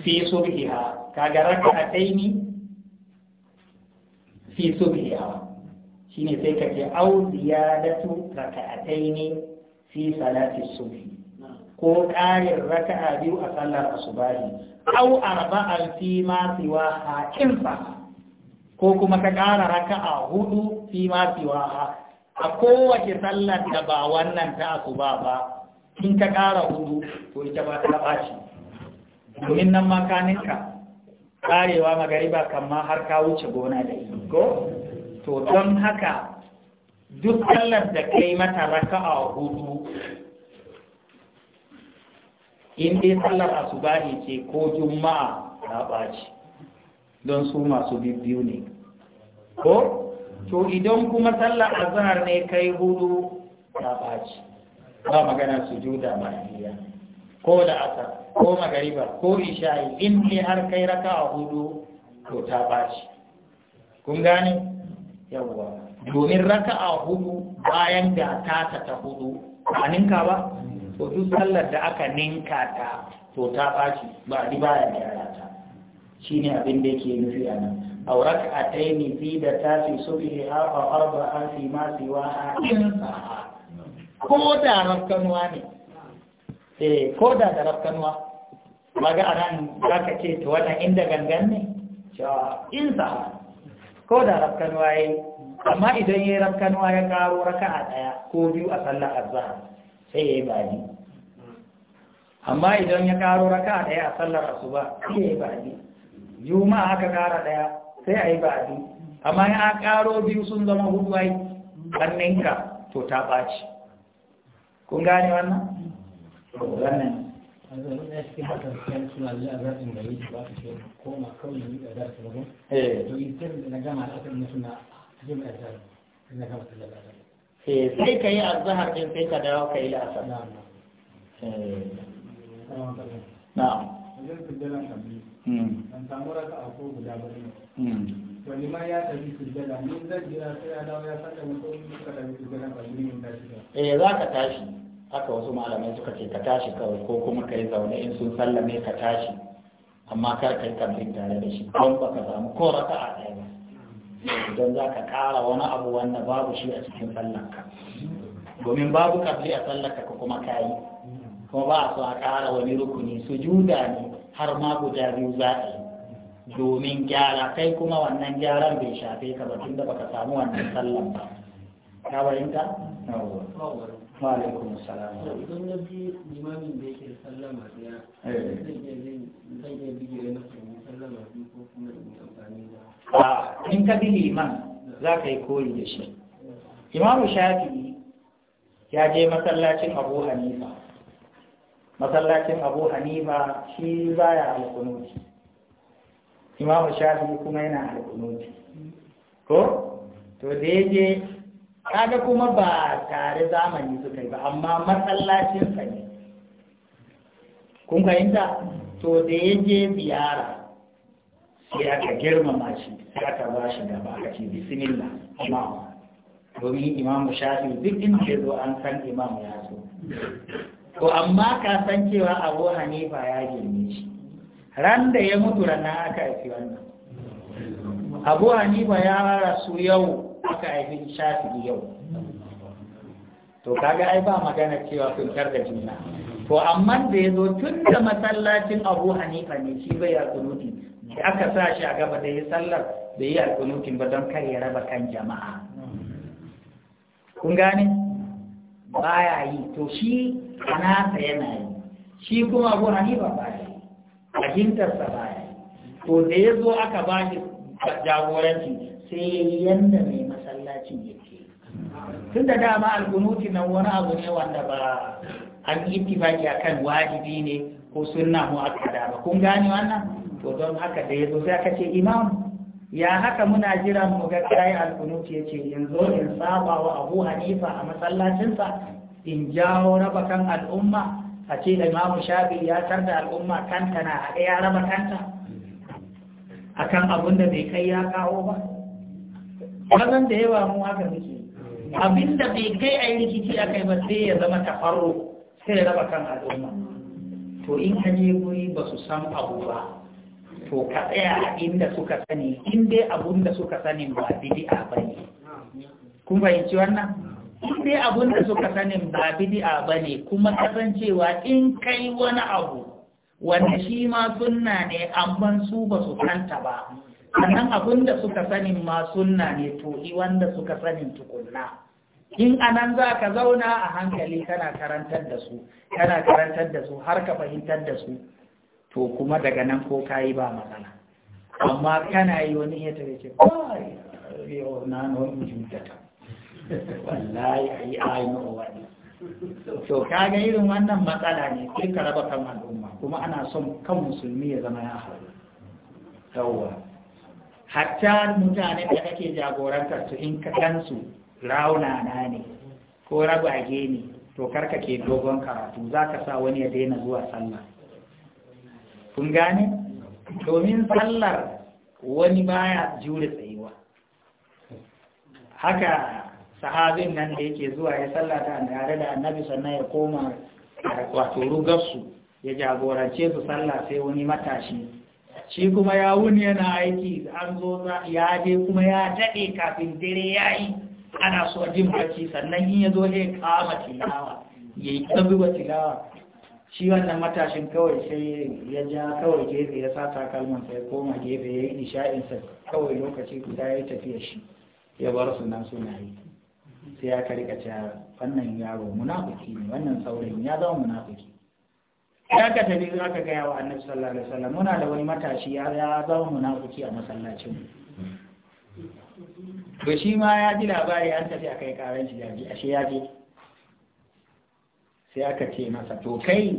fi ka kaga raka a ɗaini fi Shi ne sai ka ce au ziyadatu raka'ataini fi salati subhi ko ƙarin raka'a biyu a sallar asubahi au arba'an fi ma siwa ha ko kuma ka ƙara raka'a hudu fi ma siwa ha a kowace sallar da ba wannan ta asuba ba in ka ƙara hudu to ita ba ta ɓaci domin nan makaninka ƙarewa magariba kan ma har ka wuce gona da ko to don haka duk sallar da kai mata raka a hudu in dai sallar asubahi ce ko juma'a ta ɓaci don su masu biyu ne ko to idan kuma sallar azhar ne kai hudu ta ɓaci ba magana su juda ma'aniya ko da asar ko magariba ko isha'i in dai har kai raka a hudu to ta ɓaci kun gane yawwa domin raka a hudu bayan da ta ta hudu a ninka ba to duk sallar da aka ninka ta to ta ɓaci ba a baya gyara ta shi ne abin da yake nufi a nan a a ta yi nufi da ta fi so fi haɓa arba an fi ma fi wa a ko da rafkanuwa ne eh ko da da rafkanuwa maga a nan za ka ce ta wannan inda gangan ne cewa in sa ko da rafkanuwa ya amma idan ya rakanuwa ya karo raka a ɗaya ko biyu a sallar azahar sai ya yi baɗi amma idan ya karo raka a ɗaya a sallar asuba sai ya yi baɗi ma aka kara ɗaya sai a yi baɗi amma ya karo biyu sun zama hudu ai hannunka to ta ɓaci kun gane wannan? wannan eh. Eh. Eh, sai ka yi azahar din sai ka dawo ka yi la'asar na'am eh. an hmm. samu raka a ko guda ba hmm. wani ma ya tafi sujjada ni zan jira sai ya dawo ya saka mutum suka tafi sujjada ba ne mun tashi ba eh za ka tashi haka wasu malamai suka ce ka tashi kawai ko kuma ka yi zaune in sun sallame ka tashi amma kar ka yi kamfin tare da shi don ba ka samu ko raka a ɗaya ba idan za ka ƙara wani abu wanda babu shi a cikin sallanka domin babu kabli a sallanka ka kuma kayi kuma ba a so a ƙara wani rukuni su juda ne har ma guda biyu za a yi domin gyara kai kuma wannan gyaran bai shafe ka ba tun da baka samu wannan sallan ba ka bayyanta? Ma'alaikun salam. Idan na bi limamin da yake sallama ɗaya, eh. zan iya bin zan iya bi na sallama biyu ko kuma in a in ka bi liman za ka yi koyi da shi imamu shafi'i ya je masallacin abu hanifa masallacin abu hanifa shi baya alkunuti imamu shafi'i kuma yana alkunuti ko to da ya je kaga kuma ba tare zamani suka yi ba amma masallacin ne kun fahimta to da ya je ziyara sai aka girmama shi sai aka ba shi gaba aka ce bismillah imamu domin imamu shafi duk inda ke zo an san imamu ya zo to amma ka san cewa abu hanifa ya girme shi ran da ya mutu ranar aka haifi wannan abu hanifa ya rasu yau aka haifi shafi yau to kaga ai ba magana cewa sun da juna to amma da ya zo tun da masallacin abu hanifa ne shi bai ya kunuti da aka sa shi a gaba da yi sallar da yi alƙunutin ba don kar ya raba kan jama'a kun gane ya yi to shi a nasa yana yi shi kuma abu hanifa ya yi fahimtarsa ya yi to da ya zo aka ba shi jagoranci sai ya yi yadda mai masallacin yake tun da dama alƙunutin nan wani abu ne wanda ba an yi a akan wajibi ne ko sunna mu aka da ba kun gane wannan to don haka da yazo sai aka ce imam ya haka muna jira mu ga kai alkunuti yace yanzu in saba wa Abu Hanifa a masallacin sa in jawo raba kan al'umma a ce Imam Shafi ya tarda al'umma kanta na ga ya raba kanta akan abin da bai kai ya kawo ba wannan da yawa mu haka muke abinda bai kai a yi rikici akai ba sai ya zama tafarro sai ya raba kan al'umma to in ka je guri ba su san abu ba to ka tsaya a inda suka sani in dai abun da suka sani ba ne bane kun ci wannan in dai abun da suka sani ba ba bane kuma kasancewa in kai wani abu wanda shi ma sunna ne amma su ba su kanta ba sannan abun da suka sani ma sunna ne to wanda suka sani tukunna in anan za ka zauna a hankali kana karantar da su kana karantar da su har ka fahimtar da su to kuma daga nan ko ka yi ba matsala amma kana yi wani ya tafi ce kai na nan jutata wallahi ai ai no wani to kaga irin wannan matsala ne sai ka raba kan al'umma kuma ana son kan musulmi ya zama ya haɗu yawwa hatta mutane da kake jagorantar su in ka kansu na ne ko ragwage ne to karka ke dogon karatu za ka sa wani ya daina zuwa sallah kun gane domin sallar wani baya jure tsayuwa haka sahabin nan da yake zuwa ya sallata tare da annabi sannan ya koma wato rugarsu ya jagorance su sallah sai wani matashi shi kuma ya wuni yana aiki an zo ya je kuma ya daɗe kafin dare ya yi ana so jin baki sannan in ya zo zai kama tilawa ya yi ɗabiwa tilawa shi wannan matashin kawai sai ya ja kawai gefe ya sa takalman sai koma gefe ya yi nisha'insa kawai lokaci guda ya tafiya shi ya bar su nan suna yi sai ya karika cewa wannan yaro munafuki ne wannan saurin ya zama munafuki ya ka tafi za ka gaya wa annabi sallallahu alaihi wasallam muna da wani matashi ya zama munafuki a masallacin mu to shi ma ya ji labari an tafi a kai karen shi a shi ya je sai aka ce masa to kai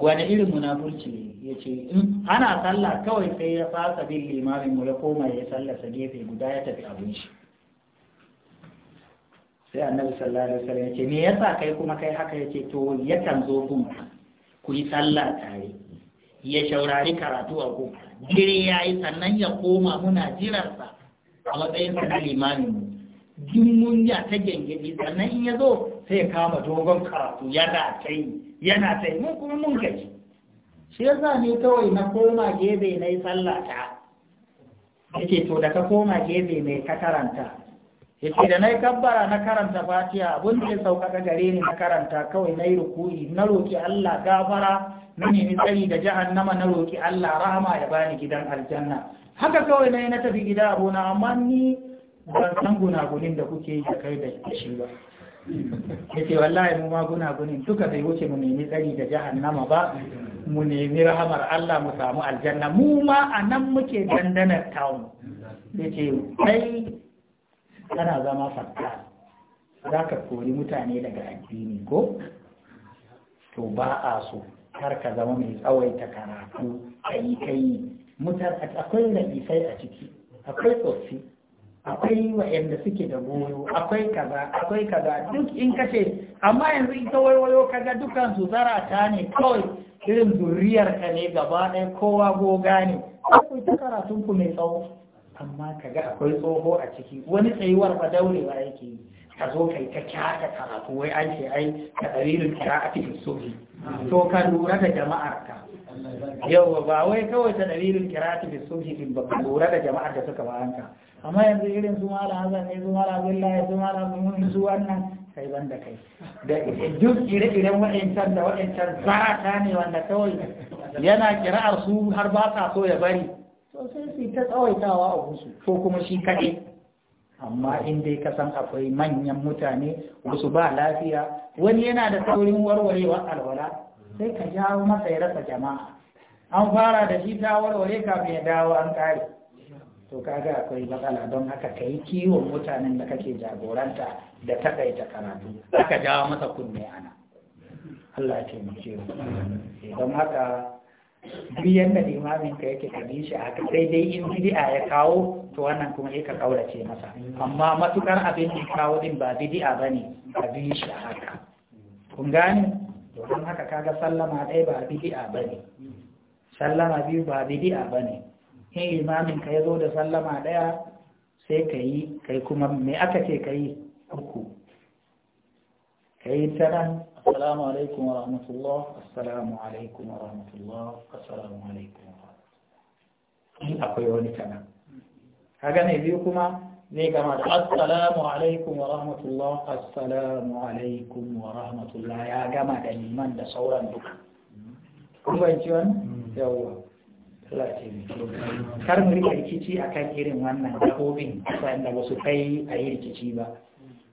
wani irin munafurci ne ya ce in ana sallah kawai sai ya fasa bin limamin mu ya koma ya sallarsa gefe guda ya tafi abin shi sai annabi sallallahu alaihi wasallam ya ce me yasa kai kuma kai haka ya ce to yakan zo kun ku yi sallah tare ya shaurari karatu a kuma Jire ya yi sannan ya koma muna jirarsa a matsayin sa na limamin mun ya ta ne sannan in ya zo sai kama dogon karatu yana ta yi yana ta yi mun kuma mun gaji shi ya sa ne kawai na koma gefe na yi sallata yake to da ka koma gefe mai ka karanta yake da na yi kabbara na karanta fatiya. abin da ya sauƙaƙa gare ni na karanta kawai na yi rukuri na roƙi allah gafara na nemi tsari da jahannama na roƙi allah rahama ya bani gidan aljanna haka kawai na yi na tafi gida abuna amma ni ba san gunagunin da kuke yi da kai da shi ba ya ce wallahi mu ma gunagunin duka bai wuce mu nemi tsari da jahannama ba mu nemi rahamar Allah mu samu aljanna mu ma a nan muke dandanar taun. ya ce kai kana zama fatta za ka kori mutane daga addini ko to ba a so har ka zama mai tsawaita karatu kai kai mutar akwai na'isai a ciki akwai tsoffi akwai wa'anda suke da goyo akwai kaza akwai kaza duk in kace amma yanzu ita wayo kaga dukan su zarata ne kawai irin zuriyar ka ne gaba ɗaya kowa goga ne akwai ta karatun ku mai tsawo amma kaga akwai tsoho a ciki wani tsayuwar fa daurewa yake yi ka zo kai ta kyata karatu wai an ce ai ka tsaririn kira a cikin sufi to ka lura da jama'ar ka yau ba wai kawai ta dalilin kira ta fi sufi din ba ka lura da jama'ar da suka bayan ka amma yanzu irin su mala hazan ne su mala billahi su mala mumin su wannan kai ban da kai da duk ire-iren waɗancan da waɗancan zarata ne wanda kawai yana kira'ar su har ba sa so ya bari to sai su ta tsawaitawa a gusu ko kuma shi kaɗai amma in dai ka san akwai manyan mutane wasu ba lafiya wani yana da saurin warwarewa alwala sai ka jawo masa ya rasa jama'a an fara da shi ta warware kafin ya dawo an kare to kaga akwai matsala don haka ka yi kiwon mutanen da kake jagoranta da takaita karatu aka jawo masa kunne ana Allah ya taimake mu don haka duk yadda limamin ka yake ka bi shi haka sai dai in bidi'a ya kawo to wannan kuma ya ka kaurace masa amma matukar abin da kawo din ba bidi'a bane ka bi shi haka kun gane don haka kaga sallama ɗaya ba bid'a bane sallama biyu ba bid'a bane in limamin ka yazo da sallama ɗaya sai ka yi kai kuma me aka ce ka yi uku ka yi ta السلام عليكم ورحمة الله السلام عليكم ورحمة الله السلام عليكم akwai wani kana haka ne biyu kuma zai kama da assalamu alaikum wa rahmatullah assalamu alaikum wa rahmatullah ya gama da liman da sauran duka kun banci wani yawwa kar mu rika rikici akan irin wannan dabobin da ba su kai a yi rikici ba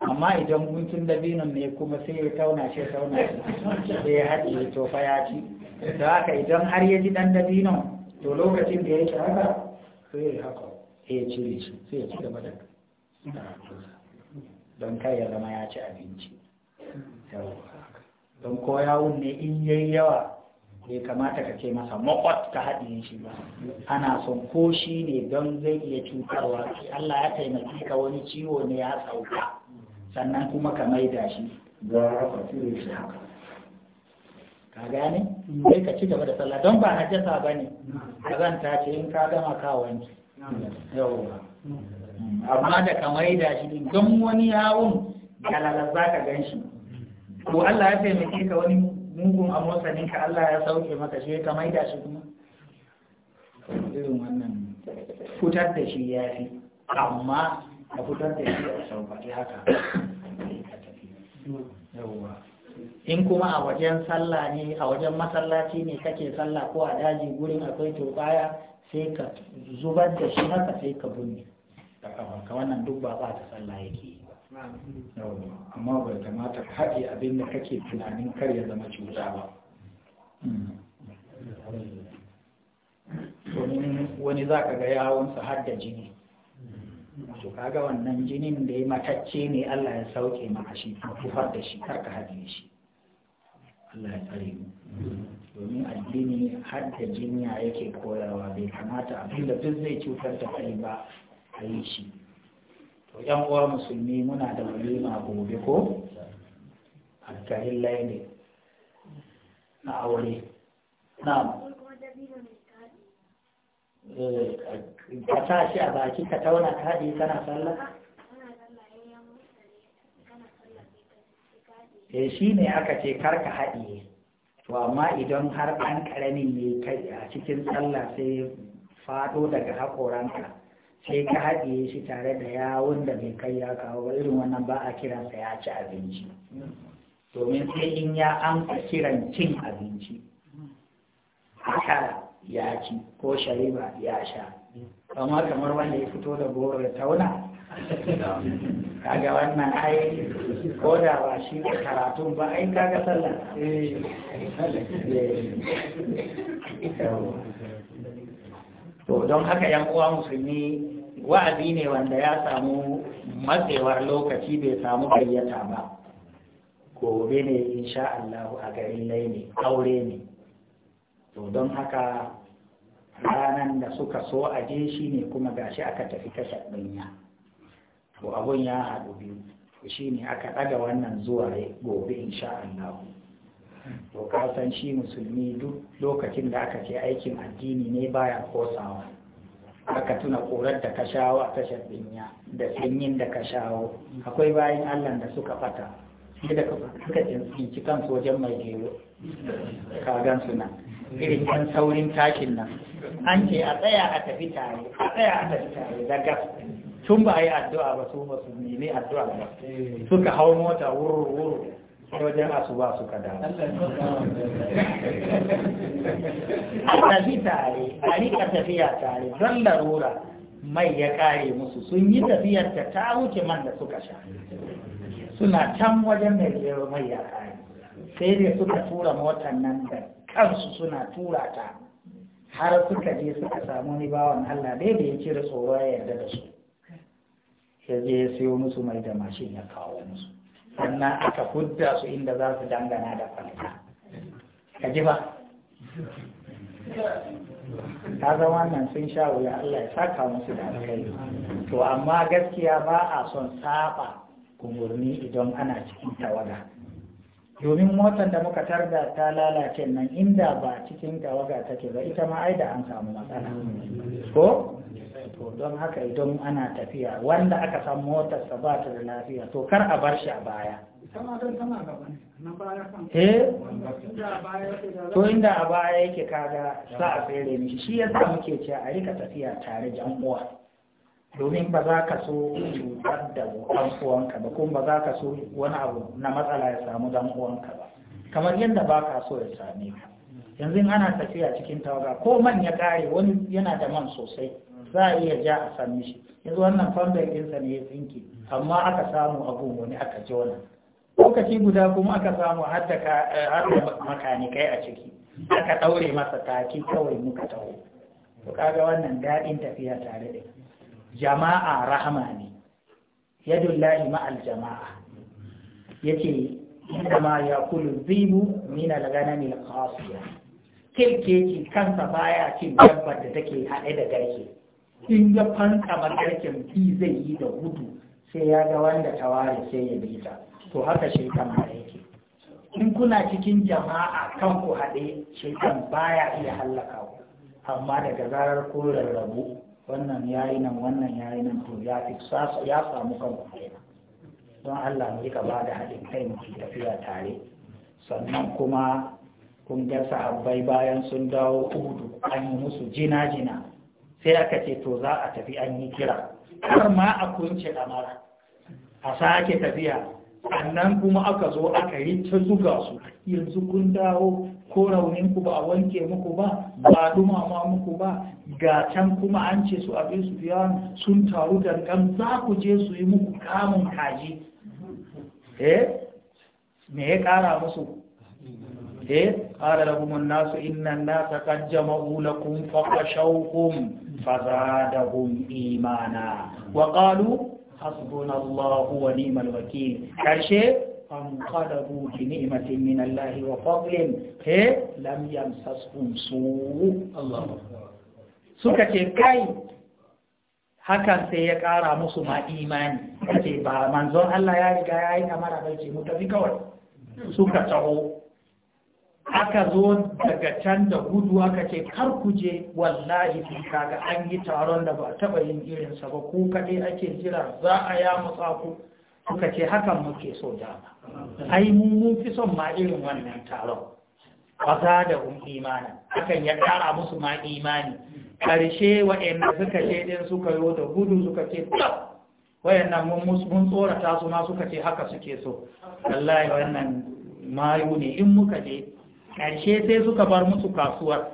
amma idan guntun dabinon ne kuma sai ya tauna shi tauna shi sai ya haɗe ya tofa ya ci da haka idan har ya ji ɗan dabinon to lokacin da ya ci haka sai ya haka sai ya cire shi sai ya ci gaba da don kai ya zama ya ci abinci don ko yawon ne in yayi yawa bai kamata ka ce masa makwat ka haɗe shi ba ana son ko shi ne don zai iya cutarwa Allah ya taimaki ka wani ciwo ne ya sauka sannan kuma ka maida shi gara ka cire shi haka ka gane sai ka ci gaba da sallah don ba najasa ba ne ta ce in ka gama ka wanki amma da ka maida shi din don wani yawon galala za ka gan shi ko Allah ya taimake ka wani mugun amosanin ka Allah ya sauke maka shi ka maida shi kuma irin wannan fitar da shi ya fi amma a fitar da shi a haka in kuma a wajen sallah ne a wajen masallaci ne kake sallah ko a daji gurin akwai turbaya sai ka zubar da shi haka sai ka bunne ka wannan duk ba ta sallah yake yi amma bai kamata ka haɗe abin da kake tunanin kar ya zama cuta ba hmm. wani za ka ga yawon su har da jini su kaga wannan jinin da ya matacce ne Allah ya sauke maka shi kufar da shi kar ka haɗe shi Allah ya tsare mu domin addini har da jinya yake koyawa, bai kamata abinda duk zai cutar da kai ba a yi shi to yan uwa musulmi muna da walima gobe ko a garin laini na aure na ka sa shi a baki ka tauna ka haɗe kana sallah eh shi ne aka ce kar ka haɗiye. to amma idan har ɗan ƙaramin ne kai a cikin sallah sai faɗo daga haƙoranka sai ka haɗiye shi tare da yawon da mai kai ya kawo ba irin wannan ba a kiransa ya ci abinci domin sai in ya amsa kiran cin abinci haka ya ci ko shariba ya sha kamar kamar wanda ya fito da goro ya tauna kaga wannan ai ko da ba shi karatun ba ai kaga sallah to don haka yan uwa musulmi wa'azi ne wanda ya samu matsewar lokaci bai samu gayyata ba gobe ne insha Allah a garin laini aure ne to don haka ranan da suka so a je shi ne kuma gashi aka tafi tashar ɗanya to abun ya haɗu biyu to shi ne aka ɗaga wannan zuwa gobe in sha Allah to kasan shi musulmi duk lokacin da aka ce aikin addini ne baya kosawa aka tuna korar da ka shawo a tashar ɗanya da sanyin da ka shawo akwai bayan Allah da suka fata sai da suka tsinci kansu wajen mai gero kagan suna irin ɗan saurin takin nan an ce a tsaya a tafi tare a tsaya a tafi tare daga tun ba a yi addu'a ba su ba su nemi addu'a ba suka hau mota wuru-wuru wajen asuba suka dawo a tafi tare a rika tafiya tare don larura mai ya kare musu sun yi tafiyar ta ta wuce man da suka sha suna can wajen mai mai ya kare sai ne suka tura motar nan da kansu suna tura ta har suka je suka samu ni bawan Allah dai da ya cire tsoro ya yarda da su ya je ya sayo musu mai da mashin ya kawo musu sannan aka hudda su inda za su dangana da kwalita ka ji ba ta zama nan sun sha wuya Allah ya saka musu da alkai to amma gaskiya ba a son saba kumurni idan ana cikin tawada domin motar da muka tarda ta lalace nan inda ba cikin dawaga take ba ita ma ai da an samu matsala ko to don haka idan ana tafiya wanda aka san motar sa ba ta da lafiya to kar a bar shi a baya eh to inda a baya yake kaga sa a tsere mishi shi yasa muke cewa a rika tafiya tare jan uwa domin ba za ka so cutar da ɗan uwanka ba kuma ba za ka so wani abu na matsala ya samu ɗan uwanka ba kamar yadda ba ka so ya same ka yanzu ana tafiya cikin tawaga ko man ya kare wani yana da man sosai za a iya ja a sami shi yanzu wannan fambar ɗinsa ne ya tsinke amma aka samu abu wani aka ji wani lokaci guda kuma aka samu eh, har da makanikai a ciki aka ɗaure masa taki kawai muka taho to kaga wannan daɗin tafiya tare da jama'a rahama ne yadullahi ma'al jama'a yace ma ya kulu zibu min ne a al kirke ki kansa baya cin dabbar da take haɗe da garke in ya fanka garken fi zai yi da gudu sai ya ga wanda ta ware sai ya bi to haka shekan ma yake in kuna cikin jama'a kan ku haɗe ba baya iya hallaka ku amma daga zarar ko rarrabu wannan ya yi nan wannan ya yi nan to ya ya samu kanku kenan don Allah mu ka ba da haɗin kai mu tafiya tare sannan kuma kun ga sahabbai bayan sun dawo udu an yi musu jina-jina sai aka ce to za a tafi an yi kira har ma a kunce ɗamara a sake tafiya sannan kuma aka zo aka yi ta zuga su yanzu kun dawo ko raunin ku ba a wanke muku ba ba dumama muku ba ga can kuma an ce su abin su yawan sun taru gangan za ku je su yi muku kamun kaji eh? me ya kara musu eh qala lahum an-nasu inna an-nasa qad jama'u lakum da fazadahum imana wa qalu hasbunallahu wa ni'mal wakeel karshe فانقلبوا بنعمة من الله وفضل لم يمسسهم سوء allah. suka ce kai hakan sai ya kara musu ma imani ce ba manzon Allah ya riga ya yi amara bai ce mu tafi kawai suka taho aka zo daga can da gudu aka ce kar ku je wallahi sun kaga an yi taron da ba a taɓa yin irinsa ba ko kaɗai ake jira za a ya mutsa ku kuka ce hakan muke so dama ai mun fi son ma irin wannan taron Kaza da hun imanin hakan ya kara musu ma imani karshe waɗanda suka ce ɗin suka yi da gudu suka ce tab musu mun tsorata su ma suka ce haka suke so wallahi wannan mayu ne in muka je karshe sai suka bar musu kasuwar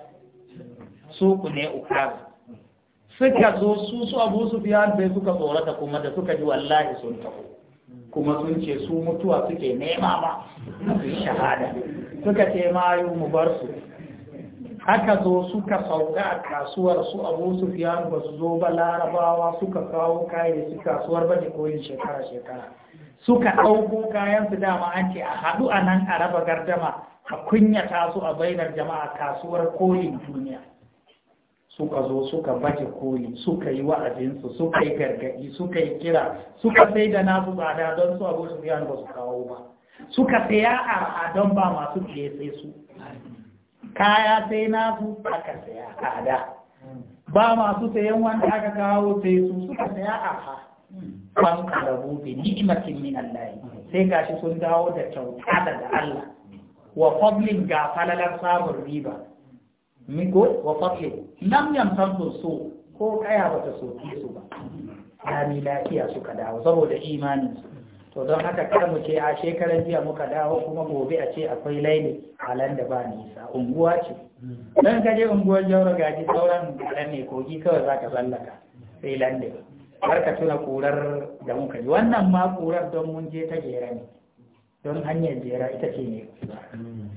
suku ne ukar. suka zo su su abu su biya bai suka tsorata kuma da suka ji wallahi sun tafi. kuma sun ce su mutuwa suke nema ba su yi shahada suka ce mayu mu bar su haka zo suka sauka a kasuwar su abu su fiya ba su zo ba larabawa suka kawo kayan su kasuwar ba da koyin shekara-shekara suka ɗauko kayan su dama an ce a haɗu a nan a raba gardama a kunyata su a bainar jama'a kasuwar koyin duniya suka zo suka baje koli suka yi wa'azinsu suka yi gargaɗi suka yi kira suka sai da nasu tsada don su abu su biya ba su kawo ba suka saya a don ba masu biye sai su kaya sai nasu aka saya da, ba masu sayan wanda aka kawo sai su suka saya a ha ban karabu bi ni'imatin min Allah sai gashi sun dawo da kyauta daga Allah wa fadlin ga falalar samun riba miko wa fatle yan yamtansu so ko kaya bata soke su ba lami lafiya suka dawo saboda imanin su to don haka kar mu ce a shekaran jiya muka dawo kuma gobe a ce akwai laili halan da ba nisa unguwa ce don kaje unguwar jauro gaji sauran dan ne kogi kawai zaka ka sai lande har ka tuna kurar da muka yi wannan ma kurar don mun je ta jera ne don hanyar jera ita ce ne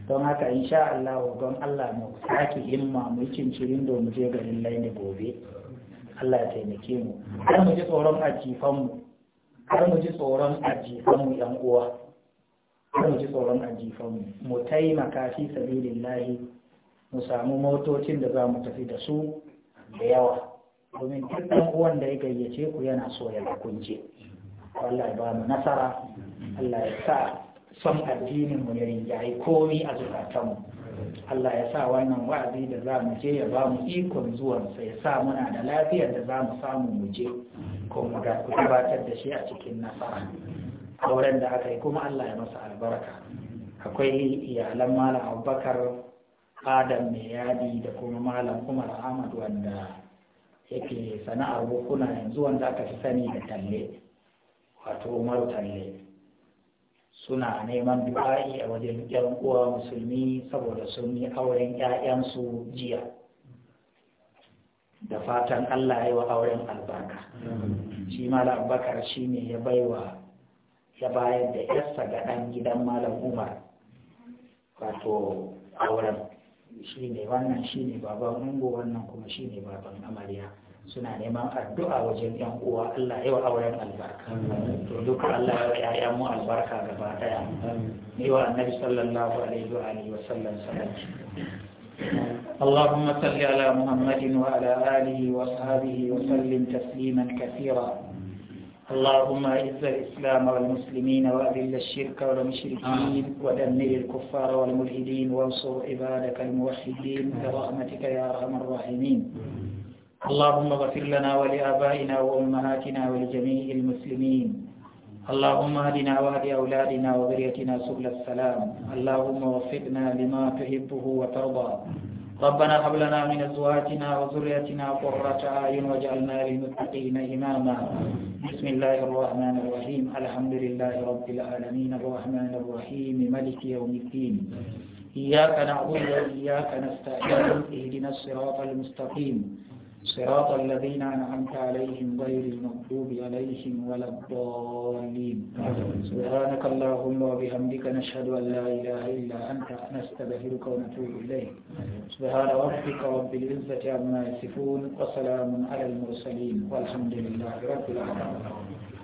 don haka sha Allah don Allah mu sake himma mu cincirin rindo mu je garin laini gobe Allah ya taimake mu har mu ji tsoron ajifan mu har mu ji tsoron ajifan yan uwa har mu ji tsoron ajifan mu mu taimaka fi sabilillahi mu samu motocin da za mu tafi da su da yawa domin duk ɗan uwan da ya gayyace ku yana so ya kunce Allah ya ba mu nasara Allah ya sa son addinin mu ya rinjaye komi a mu. Allah ya sa wannan wa'azi da za mu je ya ba mu ikon zuwansa ya sa muna da lafiyar da za mu samu mu je ko mu ga gabatar da shi a cikin nasara auren da aka yi kuma Allah ya masa albarka akwai iyalan malam abubakar adam mai yadi da kuma malam umar ahmad wanda yake sana'ar bukuna yanzu wanda aka fi sani da talle wato umaru talle suna neman du'a'i a wajen yan uwa musulmi saboda sun yi auren 'ya'yansu jiya da fatan Allah ya wa auren albarka shi malam bakar shi ne ya baiwa ya bayar da yarsa ga ɗan gidan malam umar wato auren shi ne wannan shi ne baban ungo wannan kuma shi ne baban amarya suna neman addu'a wajen yan uwa Allah yawa auren albarka to duka Allah yaya mu albarka gaba ni wa annabi sallallahu alaihi wa alihi wa sallam salati salli ala Muhammadin wa ala alihi wa sahbihi wa sallim tasliman katira اللهم اعز الاسلام والمسلمين واذل الشرك والمشركين ودمر الكفار والملحدين وانصر عبادك الموحدين برحمتك يا ارحم الراحمين آمين. اللهم اغفر لنا ولآبائنا وأمهاتنا ولجميع المسلمين اللهم اهدنا واهد أولادنا وذريتنا سبل السلام اللهم وفقنا لما تحبه وترضى ربنا هب لنا من أزواجنا وذريتنا قرة أعين واجعلنا للمتقين إماما بسم الله الرحمن الرحيم الحمد لله رب العالمين الرحمن الرحيم ملك يوم الدين إياك نعبد وإياك نستعين اهدنا الصراط المستقيم صراط الذين أنعمت عليهم غير المغضوب عليهم ولا الضالين سبحانك اللهم وبحمدك نشهد أن لا إله إلا أنت نستغفرك ونتوب إليك سبحان ربك رب العزة عما يصفون وسلام على المرسلين والحمد لله رب العالمين